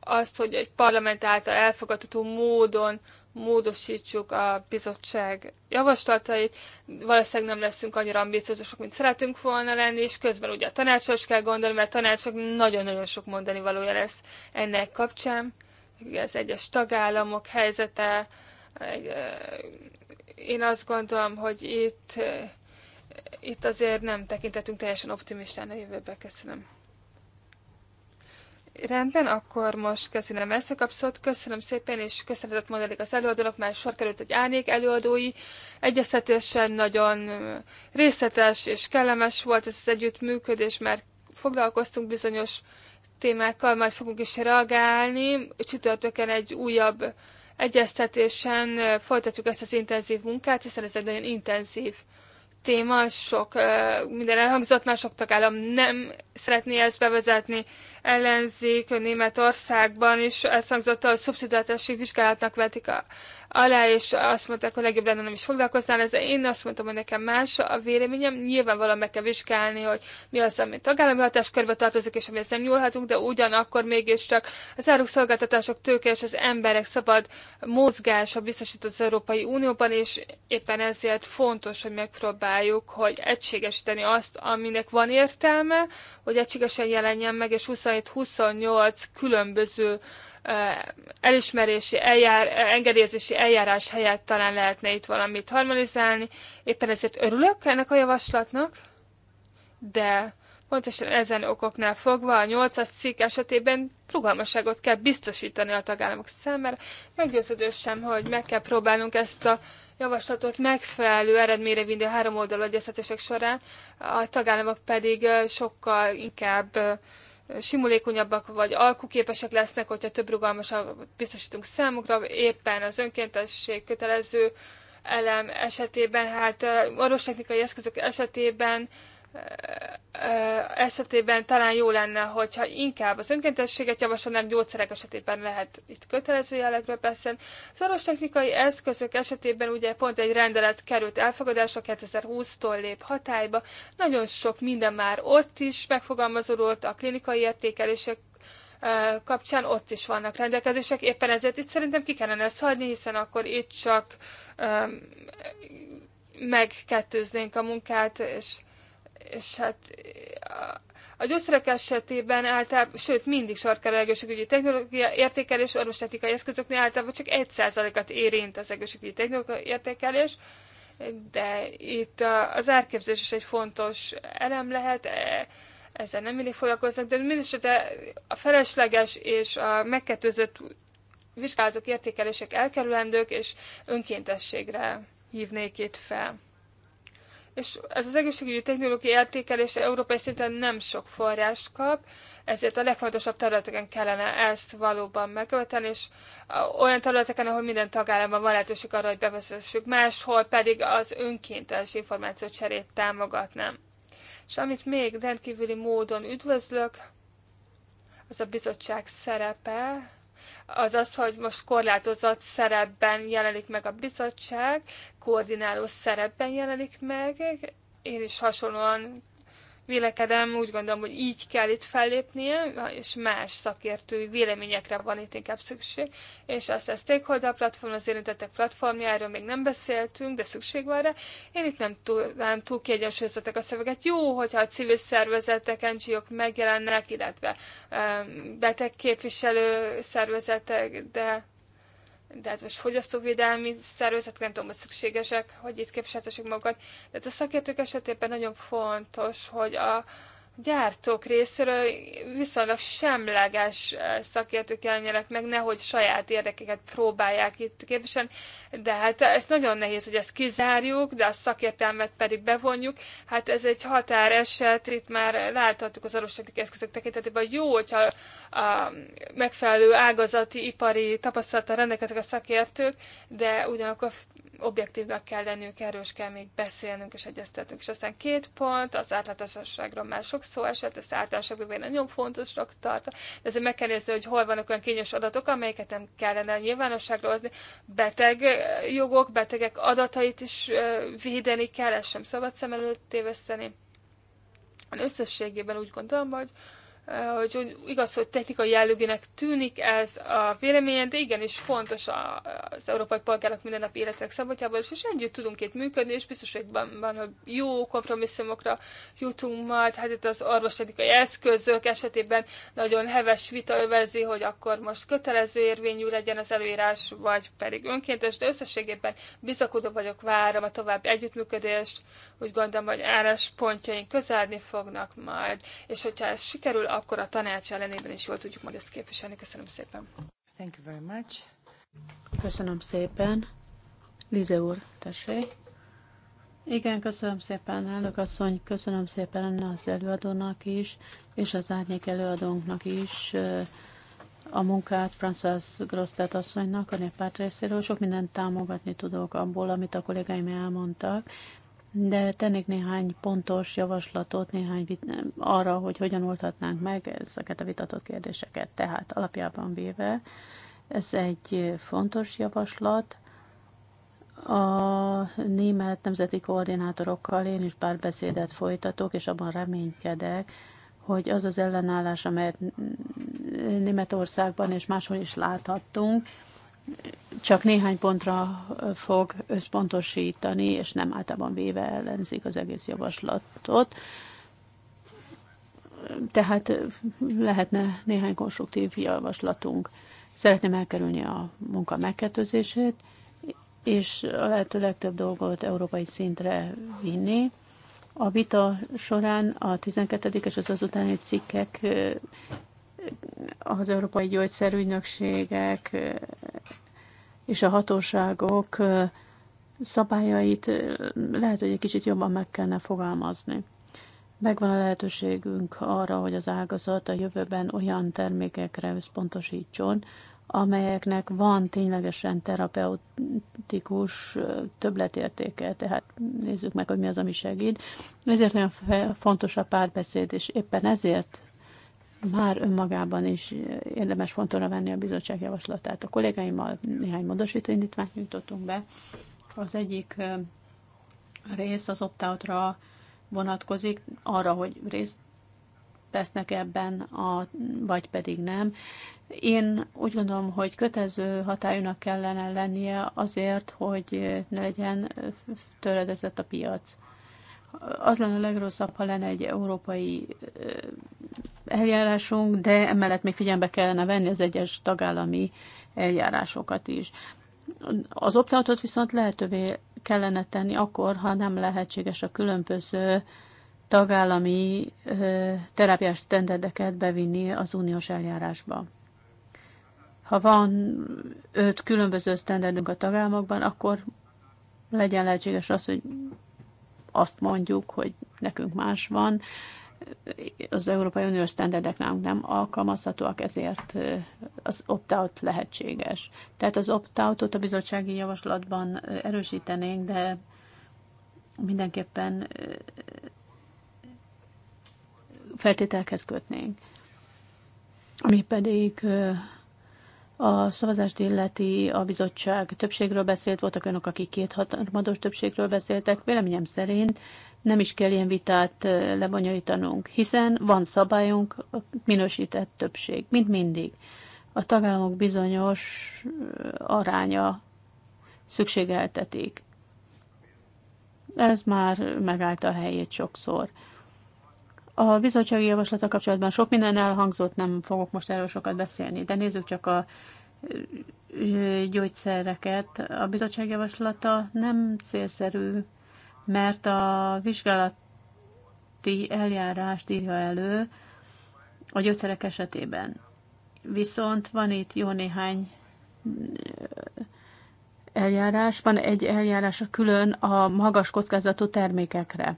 azt, hogy egy parlament által elfogadható módon módosítsuk a bizottság javaslatait. Valószínűleg nem leszünk annyira ambiciózusok, mint szeretünk volna lenni, és közben ugye a tanácsos kell gondolni, mert a tanácsok nagyon-nagyon sok mondani valója lesz ennek kapcsán. Ugye az egyes tagállamok helyzete, én azt gondolom, hogy itt, itt azért nem tekintetünk teljesen optimistán a jövőbe. Köszönöm. Rendben, akkor most köszönöm ezt a kapszót, köszönöm szépen, és köszönetet mondanék az előadónak, mert sor került egy árnyék előadói. Egyeztetésen nagyon részletes és kellemes volt ez az együttműködés, mert foglalkoztunk bizonyos témákkal, majd fogunk is reagálni. Csütörtökön egy újabb egyeztetésen eh, folytatjuk ezt az intenzív munkát, hiszen ez egy nagyon intenzív téma, sok minden elhangzott, már sok tagállam nem szeretné ezt bevezetni. Ellenzék Németországban is elhangzott a szubszidiátási vizsgálatnak vetik a, alá, és azt mondták, hogy legjobb lenne nem is foglalkoznál ezzel. Én azt mondtam, hogy nekem más a véleményem. nyilván meg kell vizsgálni, hogy mi az, ami tagállami hatáskörbe tartozik, és amihez nem nyúlhatunk, de ugyanakkor mégiscsak az áruszolgáltatások tőke és az emberek szabad mozgása biztosít az Európai Unióban, és éppen ezért fontos, hogy megpróbáljuk, hogy egységesíteni azt, aminek van értelme, hogy egységesen jelenjen meg, és 27-28 különböző elismerési eljár, engedélyezési eljárás helyett talán lehetne itt valamit harmonizálni. Éppen ezért örülök ennek a javaslatnak, de pontosan ezen okoknál fogva a 8 cikk esetében rugalmasságot kell biztosítani a tagállamok számára. sem, hogy meg kell próbálnunk ezt a javaslatot megfelelő eredményre vinni a három oldalú egyeztetések során, a tagállamok pedig sokkal inkább simulékonyabbak vagy alkuképesek lesznek, hogyha több rugalmasabb biztosítunk számukra, éppen az önkéntesség kötelező elem esetében, hát eh, orvostechnikai eszközök esetében Eh, esetében talán jó lenne, hogyha inkább az önkéntességet javasolnánk, gyógyszerek esetében lehet itt kötelező jellegről beszélni. Az orvos technikai eszközök esetében ugye pont egy rendelet került elfogadásra, 2020-tól lép hatályba. Nagyon sok minden már ott is megfogalmazódott, a klinikai értékelések eh, kapcsán ott is vannak rendelkezések, éppen ezért itt szerintem ki kellene ezt hagyni, hiszen akkor itt csak um, megkettőznénk a munkát, és és hát a gyógyszerek esetében általában, sőt mindig sarkára egészségügyi technológia értékelés, orvostechnikai eszközöknél általában csak 1%-at érint az egészségügyi technológia értékelés, de itt az árképzés is egy fontos elem lehet, e, ezzel nem mindig foglalkoznak, de mindesetre a felesleges és a megkettőzött vizsgálatok, értékelések elkerülendők, és önkéntességre hívnék itt fel és ez az egészségügyi technológiai értékelés európai szinten nem sok forrást kap, ezért a legfontosabb területeken kellene ezt valóban megkövetelni, és olyan területeken, ahol minden tagállamban van lehetőség arra, hogy bevezessük, máshol pedig az önkéntes információcserét támogatnám. És amit még rendkívüli módon üdvözlök, az a bizottság szerepe, az az, hogy most korlátozott szerepben jelenik meg a bizottság, koordináló szerepben jelenik meg. Én is hasonlóan vélekedem, úgy gondolom, hogy így kell itt fellépnie, és más szakértői véleményekre van itt inkább szükség. És azt a stakeholder platform, az érintettek platformja, erről még nem beszéltünk, de szükség van rá. Én itt nem túl, nem túl kiegyensúlyozottak a szöveget. Jó, hogyha a civil szervezetek, NGO-k megjelennek, illetve um, beteg szervezetek, de de hát most fogyasztóvédelmi szervezetek, nem tudom, hogy szükségesek, hogy itt képviseltessék magukat. Tehát a szakértők esetében nagyon fontos, hogy a, gyártók részéről viszonylag semleges eh, szakértők jelenjenek meg, nehogy saját érdekeket próbálják itt képviselni, de hát ez nagyon nehéz, hogy ezt kizárjuk, de a szakértelmet pedig bevonjuk. Hát ez egy határeset, itt már láthattuk az orvosi eszközök tekintetében, jó, hogyha a megfelelő ágazati, ipari tapasztalata rendelkeznek a szakértők, de ugyanakkor objektívnak kell lennünk, erős kell még beszélnünk és egyeztetnünk. És aztán két pont, az átlátásosságról már sok szó esett, ezt általánosságban én nagyon fontosnak tartom, de azért meg kell nézni, hogy hol vannak olyan kényes adatok, amelyeket nem kellene a nyilvánosságra hozni. Beteg jogok, betegek adatait is védeni kell, ezt sem szabad szem előtt téveszteni. Összességében úgy gondolom, hogy Eh, hogy igaz, hogy technikai jellegűnek tűnik ez a véleményen, de igenis fontos az európai polgárok mindennapi életek szabadjából, és együtt tudunk itt működni, és biztos, hogy van, van hogy jó kompromisszumokra jutunk majd, hát itt az orvostechnikai eszközök esetében nagyon heves vita övezi, hogy akkor most kötelező érvényű legyen az előírás, vagy pedig önkéntes, de összességében bizakodó vagyok, várom a további együttműködést, úgy gondolom, hogy álláspontjaink közeledni fognak majd, és hogyha ez sikerül, akkor a tanács ellenében is jól tudjuk majd ezt képviselni. Köszönöm szépen. Thank you very much. Köszönöm szépen. Lize úr, tessék. Igen, köszönöm szépen, elnök asszony, köszönöm szépen az előadónak is, és az árnyék előadónknak is a munkát Frances Grosztet asszonynak a néppárt részéről. Sok mindent támogatni tudok abból, amit a kollégáim elmondtak, de tennék néhány pontos javaslatot néhány vit- arra, hogy hogyan oldhatnánk meg ezeket a vitatott kérdéseket. Tehát alapjában véve ez egy fontos javaslat. A német nemzeti koordinátorokkal én is párbeszédet folytatok, és abban reménykedek, hogy az az ellenállás, amelyet Németországban és máshol is láthattunk, csak néhány pontra fog összpontosítani, és nem általában véve ellenzik az egész javaslatot. Tehát lehetne néhány konstruktív javaslatunk. Szeretném elkerülni a munka megkettőzését, és a lehető legtöbb dolgot európai szintre vinni. A vita során a 12. és az azutáni cikkek az Európai Gyógyszerügynökségek és a hatóságok szabályait lehet, hogy egy kicsit jobban meg kellene fogalmazni. Megvan a lehetőségünk arra, hogy az ágazat a jövőben olyan termékekre összpontosítson, amelyeknek van ténylegesen terapeutikus többletértéke, tehát nézzük meg, hogy mi az, ami segít. Ezért nagyon fontos a párbeszéd, és éppen ezért már önmagában is érdemes fontosra venni a bizottság javaslatát. A kollégáimmal néhány módosító indítványt nyújtottunk be. Az egyik rész az opt vonatkozik, arra, hogy részt vesznek ebben, a, vagy pedig nem. Én úgy gondolom, hogy kötező hatályúnak kellene lennie azért, hogy ne legyen töredezett a piac. Az lenne a legrosszabb, ha lenne egy európai eljárásunk, de emellett még figyelembe kellene venni az egyes tagállami eljárásokat is. Az optautot viszont lehetővé kellene tenni akkor, ha nem lehetséges a különböző tagállami terápiás standardeket bevinni az uniós eljárásba. Ha van öt különböző standardunk a tagállamokban, akkor legyen lehetséges az, hogy azt mondjuk, hogy nekünk más van, az Európai Uniós standardek nálunk nem alkalmazhatóak, ezért az opt-out lehetséges. Tehát az opt-outot a bizottsági javaslatban erősítenénk, de mindenképpen feltételhez kötnénk. Ami pedig a szavazást illeti a bizottság többségről beszélt, voltak önök, akik kétharmados többségről beszéltek. Véleményem szerint nem is kell ilyen vitát lebonyolítanunk, hiszen van szabályunk, minősített többség, mint mindig. A tagállamok bizonyos aránya szükségeltetik. Ez már megállt a helyét sokszor. A bizottsági javaslata kapcsolatban sok minden elhangzott, nem fogok most erről sokat beszélni, de nézzük csak a gyógyszereket. A bizottság javaslata nem célszerű mert a vizsgálati eljárást írja elő a gyógyszerek esetében. Viszont van itt jó néhány eljárás, van egy eljárás a külön a magas kockázatú termékekre.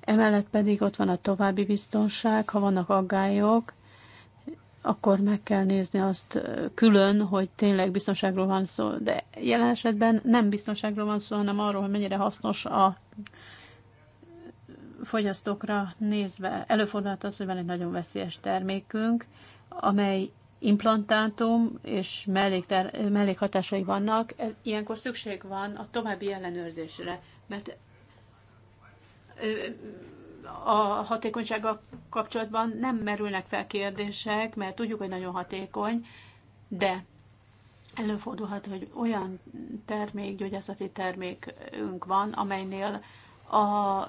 Emellett pedig ott van a további biztonság, ha vannak aggályok, akkor meg kell nézni azt külön, hogy tényleg biztonságról van szó. De jelen esetben nem biztonságról van szó, hanem arról, hogy mennyire hasznos a fogyasztókra nézve. Előfordulhat az, hogy van egy nagyon veszélyes termékünk, amely implantátum és mellékter, mellékhatásai vannak. Ilyenkor szükség van a további ellenőrzésre, mert a hatékonysággal kapcsolatban nem merülnek fel kérdések, mert tudjuk, hogy nagyon hatékony, de előfordulhat, hogy olyan termék, gyógyászati termékünk van, amelynél a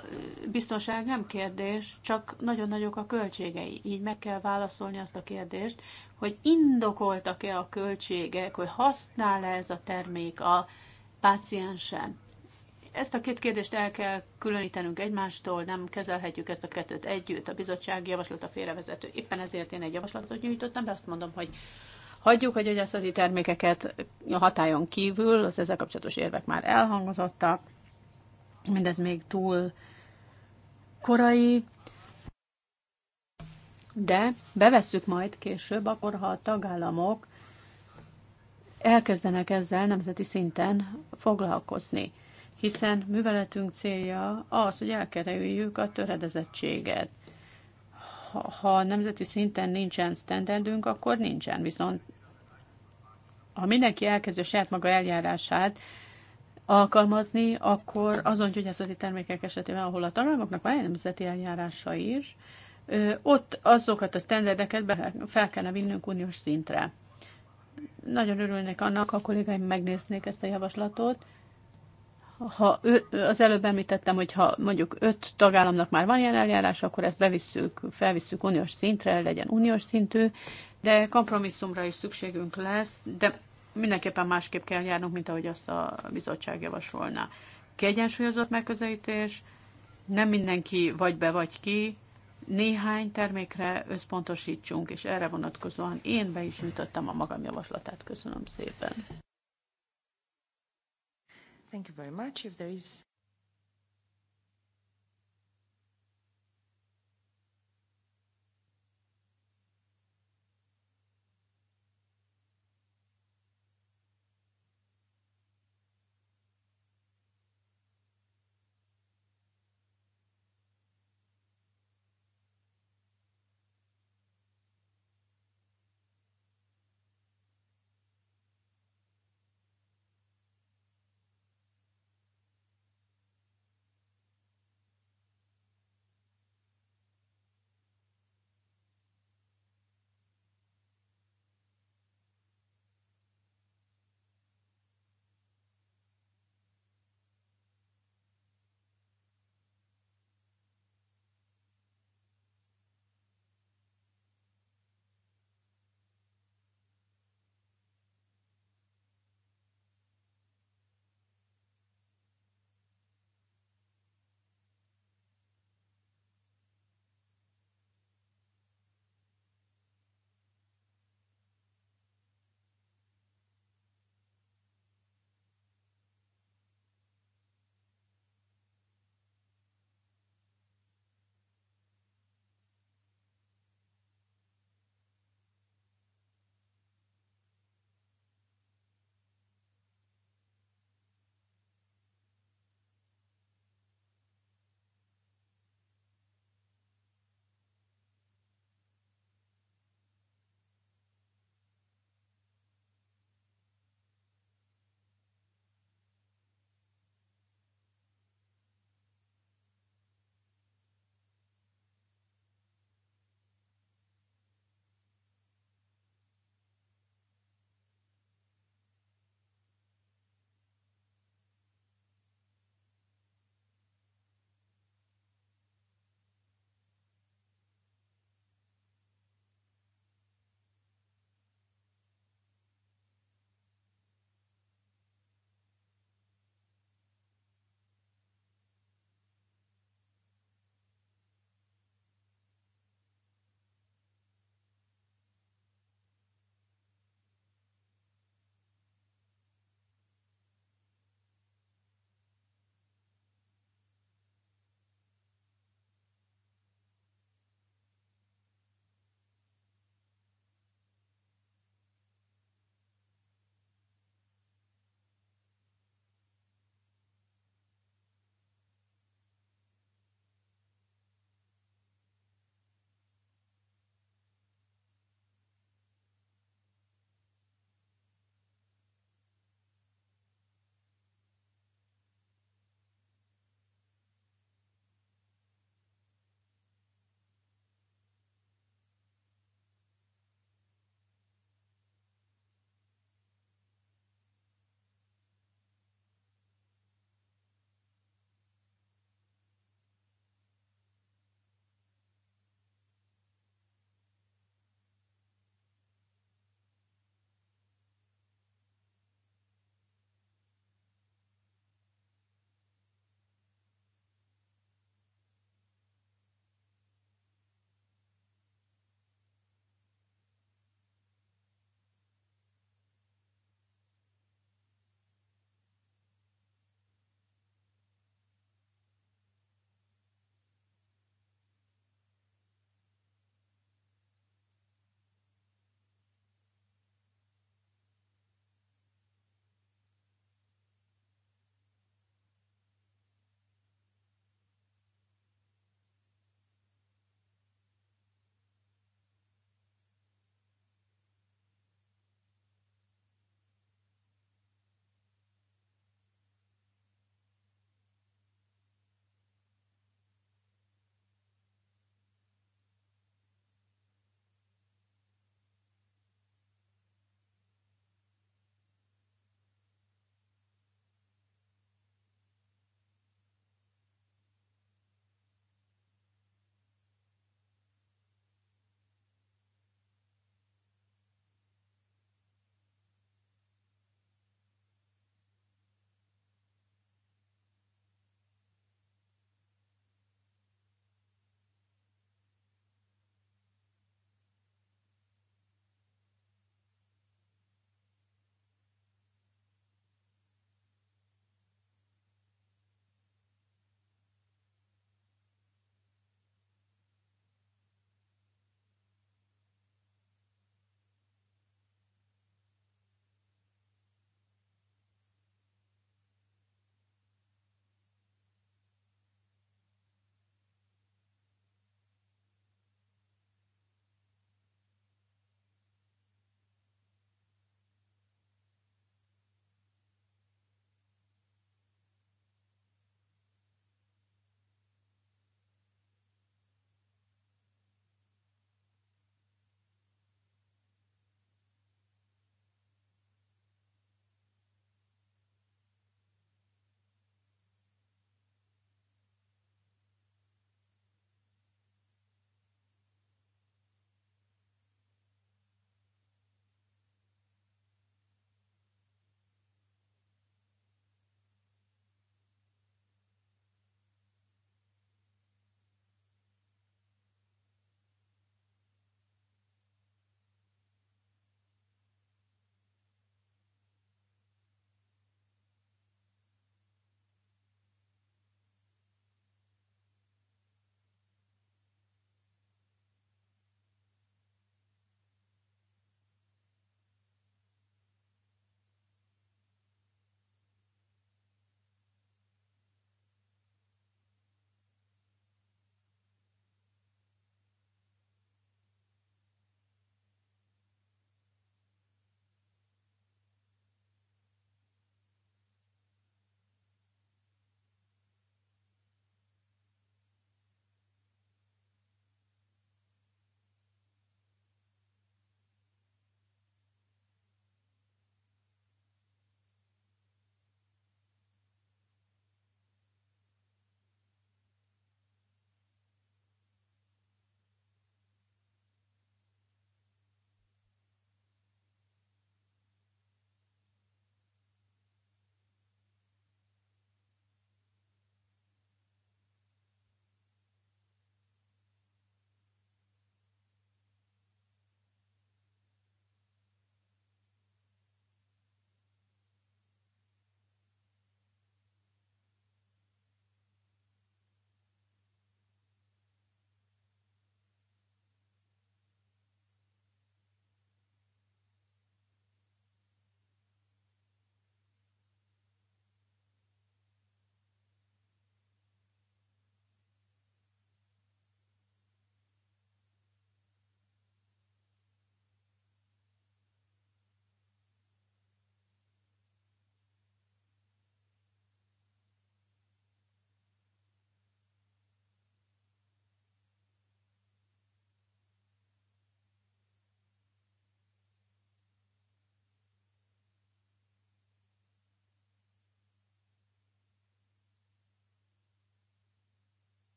biztonság nem kérdés, csak nagyon nagyok a költségei. Így meg kell válaszolni azt a kérdést, hogy indokoltak-e a költségek, hogy használ-e ez a termék a páciensen. Ezt a két kérdést el kell különítenünk egymástól, nem kezelhetjük ezt a kettőt együtt. A bizottság javaslata félrevezető. Éppen ezért én egy javaslatot nyújtottam de azt mondom, hogy hagyjuk a gyógyászati termékeket a hatájon kívül, az ezzel kapcsolatos érvek már elhangozottak, mindez még túl korai, de bevesszük majd később, akkor ha a tagállamok elkezdenek ezzel nemzeti szinten foglalkozni hiszen műveletünk célja az, hogy elkerüljük a töredezettséget. Ha, ha nemzeti szinten nincsen standardünk, akkor nincsen, viszont ha mindenki elkezdi a saját maga eljárását alkalmazni, akkor azon gyógyászati termékek esetében, ahol a tagállamoknak van egy nemzeti eljárása is, ott azokat a standardeket fel kellene vinnünk uniós szintre. Nagyon örülnék annak, ha kollégáim megnéznék ezt a javaslatot, ha ő, az előbb említettem, hogy ha mondjuk öt tagállamnak már van ilyen eljárás, akkor ezt bevisszük, felvisszük uniós szintre, legyen uniós szintű, de kompromisszumra is szükségünk lesz, de mindenképpen másképp kell járnunk, mint ahogy azt a bizottság javasolná. Kiegyensúlyozott megközelítés, nem mindenki vagy be, vagy ki, néhány termékre összpontosítsunk, és erre vonatkozóan én be is nyújtottam a magam javaslatát. Köszönöm szépen. Thank you very much. If there is...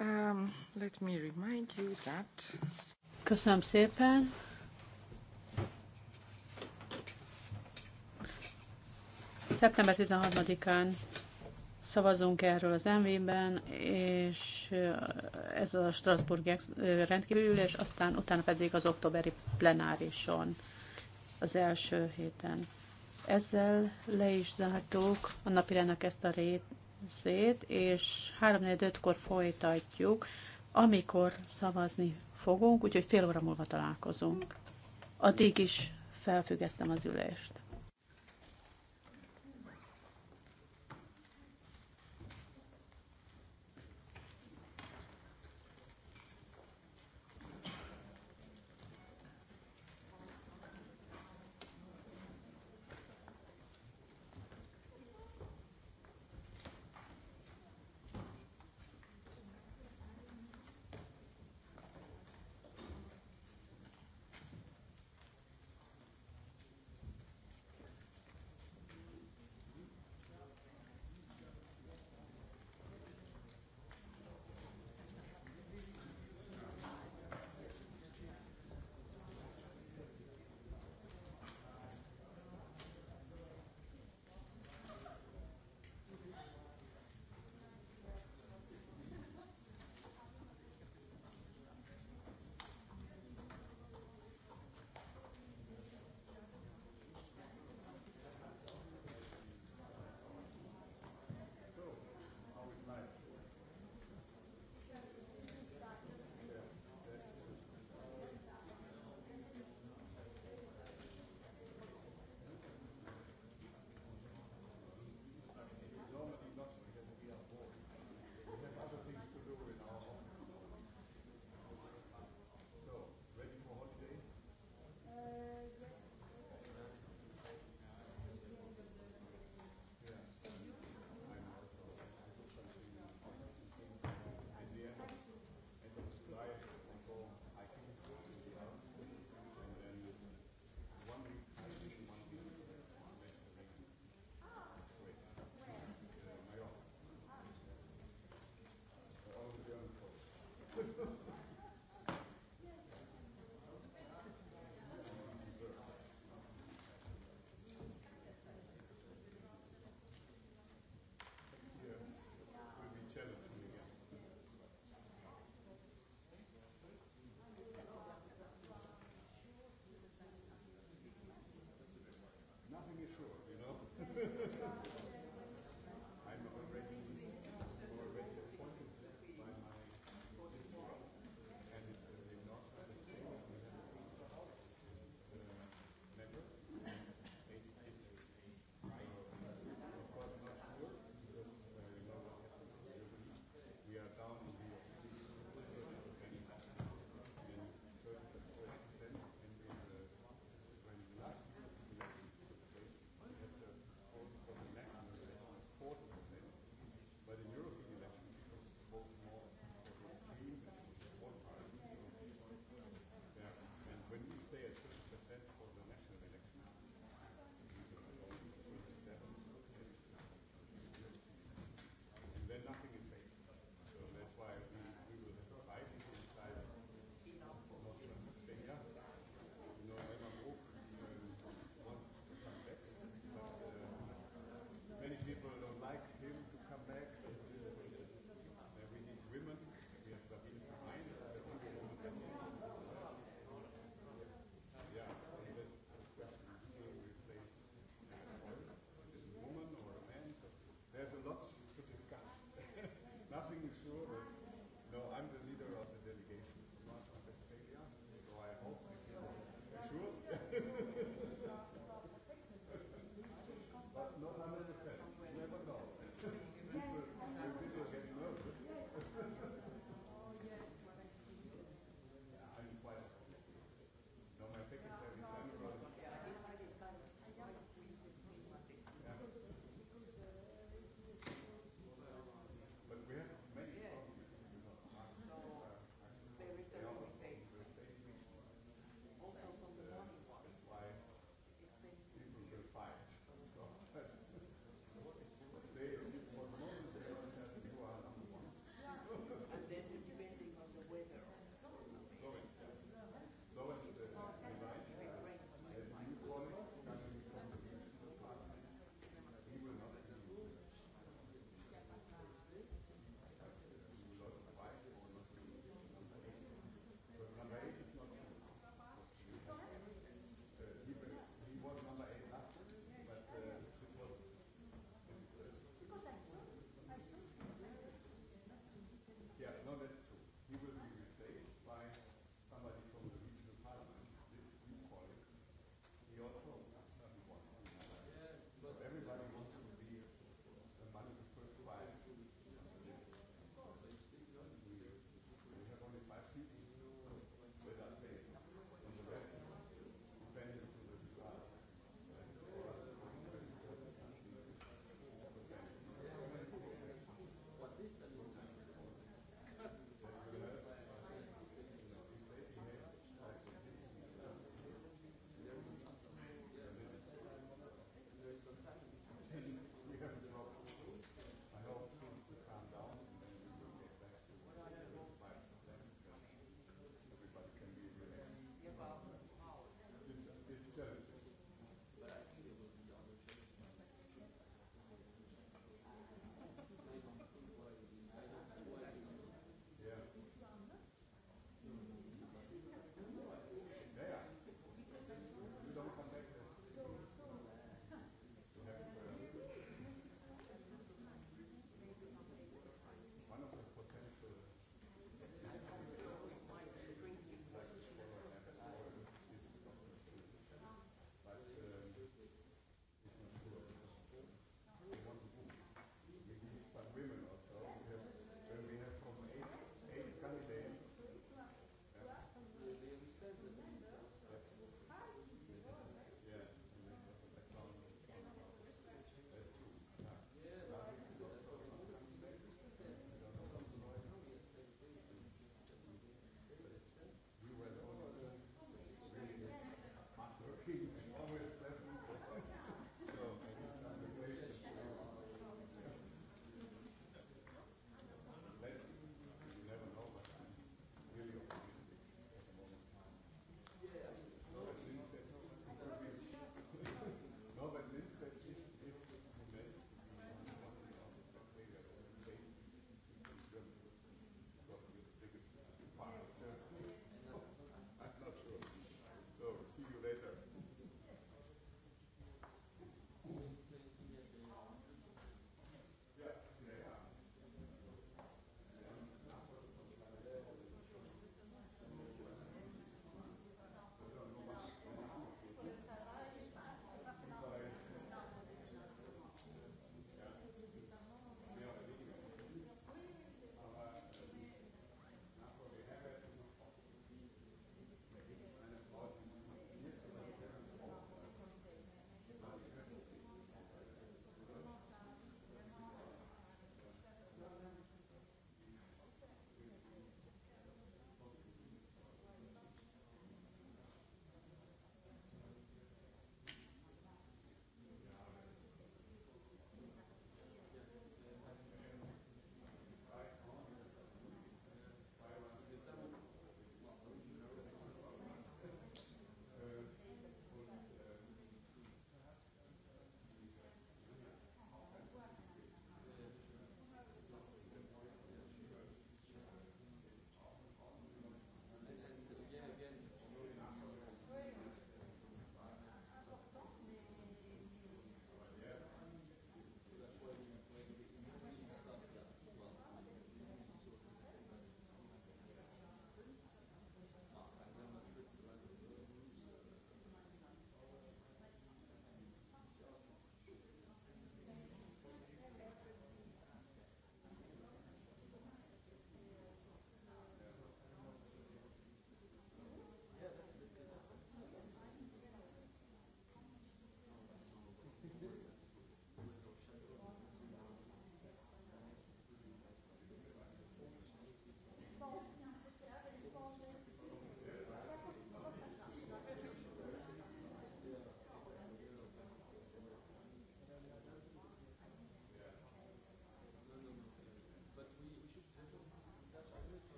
Um, let me remind you that... Köszönöm szépen. Szeptember 13-án szavazunk erről az MV-ben, és uh, ez a Strasbourg uh, rendkívül ülés, aztán utána pedig az októberi plenárison, az első héten. Ezzel le is zártuk a napirendnek ezt a szét, és 3-4-5-kor folytatjuk, amikor szavazni fogunk, úgyhogy fél óra múlva találkozunk. Addig is felfüggesztem az ülést.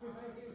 Thank you.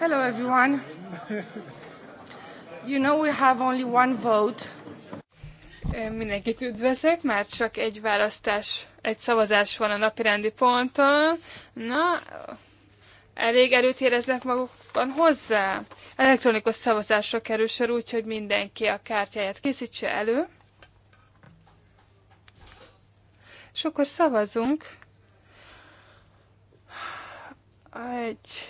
Hello everyone. You know we have only one vote. Mindenkit üdvözlök, már csak egy választás, egy szavazás van a napirendi ponton. Na, elég erőt éreznek magukban hozzá. Elektronikus szavazásra kerül sor, úgyhogy mindenki a kártyáját készítse elő. És akkor szavazunk. Egy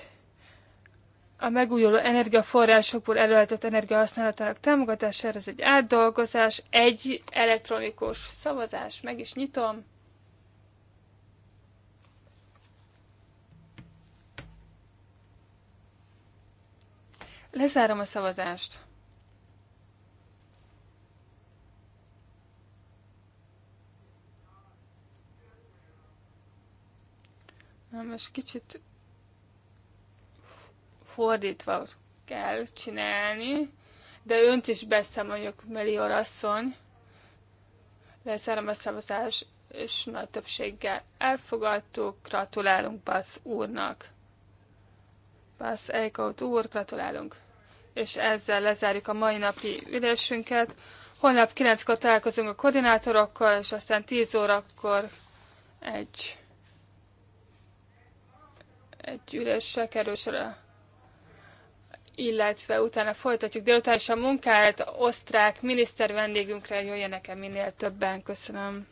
a megújuló energiaforrásokból előállított energiahasználatának támogatására. Ez egy átdolgozás, egy elektronikus szavazás. Meg is nyitom. Lezárom a szavazást. Na, most kicsit fordítva kell csinálni, de önt is beszámoljuk, Melior asszony. Lezárom a szavazás, és nagy többséggel elfogadtuk. Gratulálunk Basz úrnak. Basz Eikaut úr, gratulálunk. És ezzel lezárjuk a mai napi ülésünket. Holnap 9-kor találkozunk a koordinátorokkal, és aztán 10 órakor egy, egy ülésre kerül illetve utána folytatjuk délután is a munkát. Osztrák miniszter vendégünkre jöjjenek e minél többen. Köszönöm.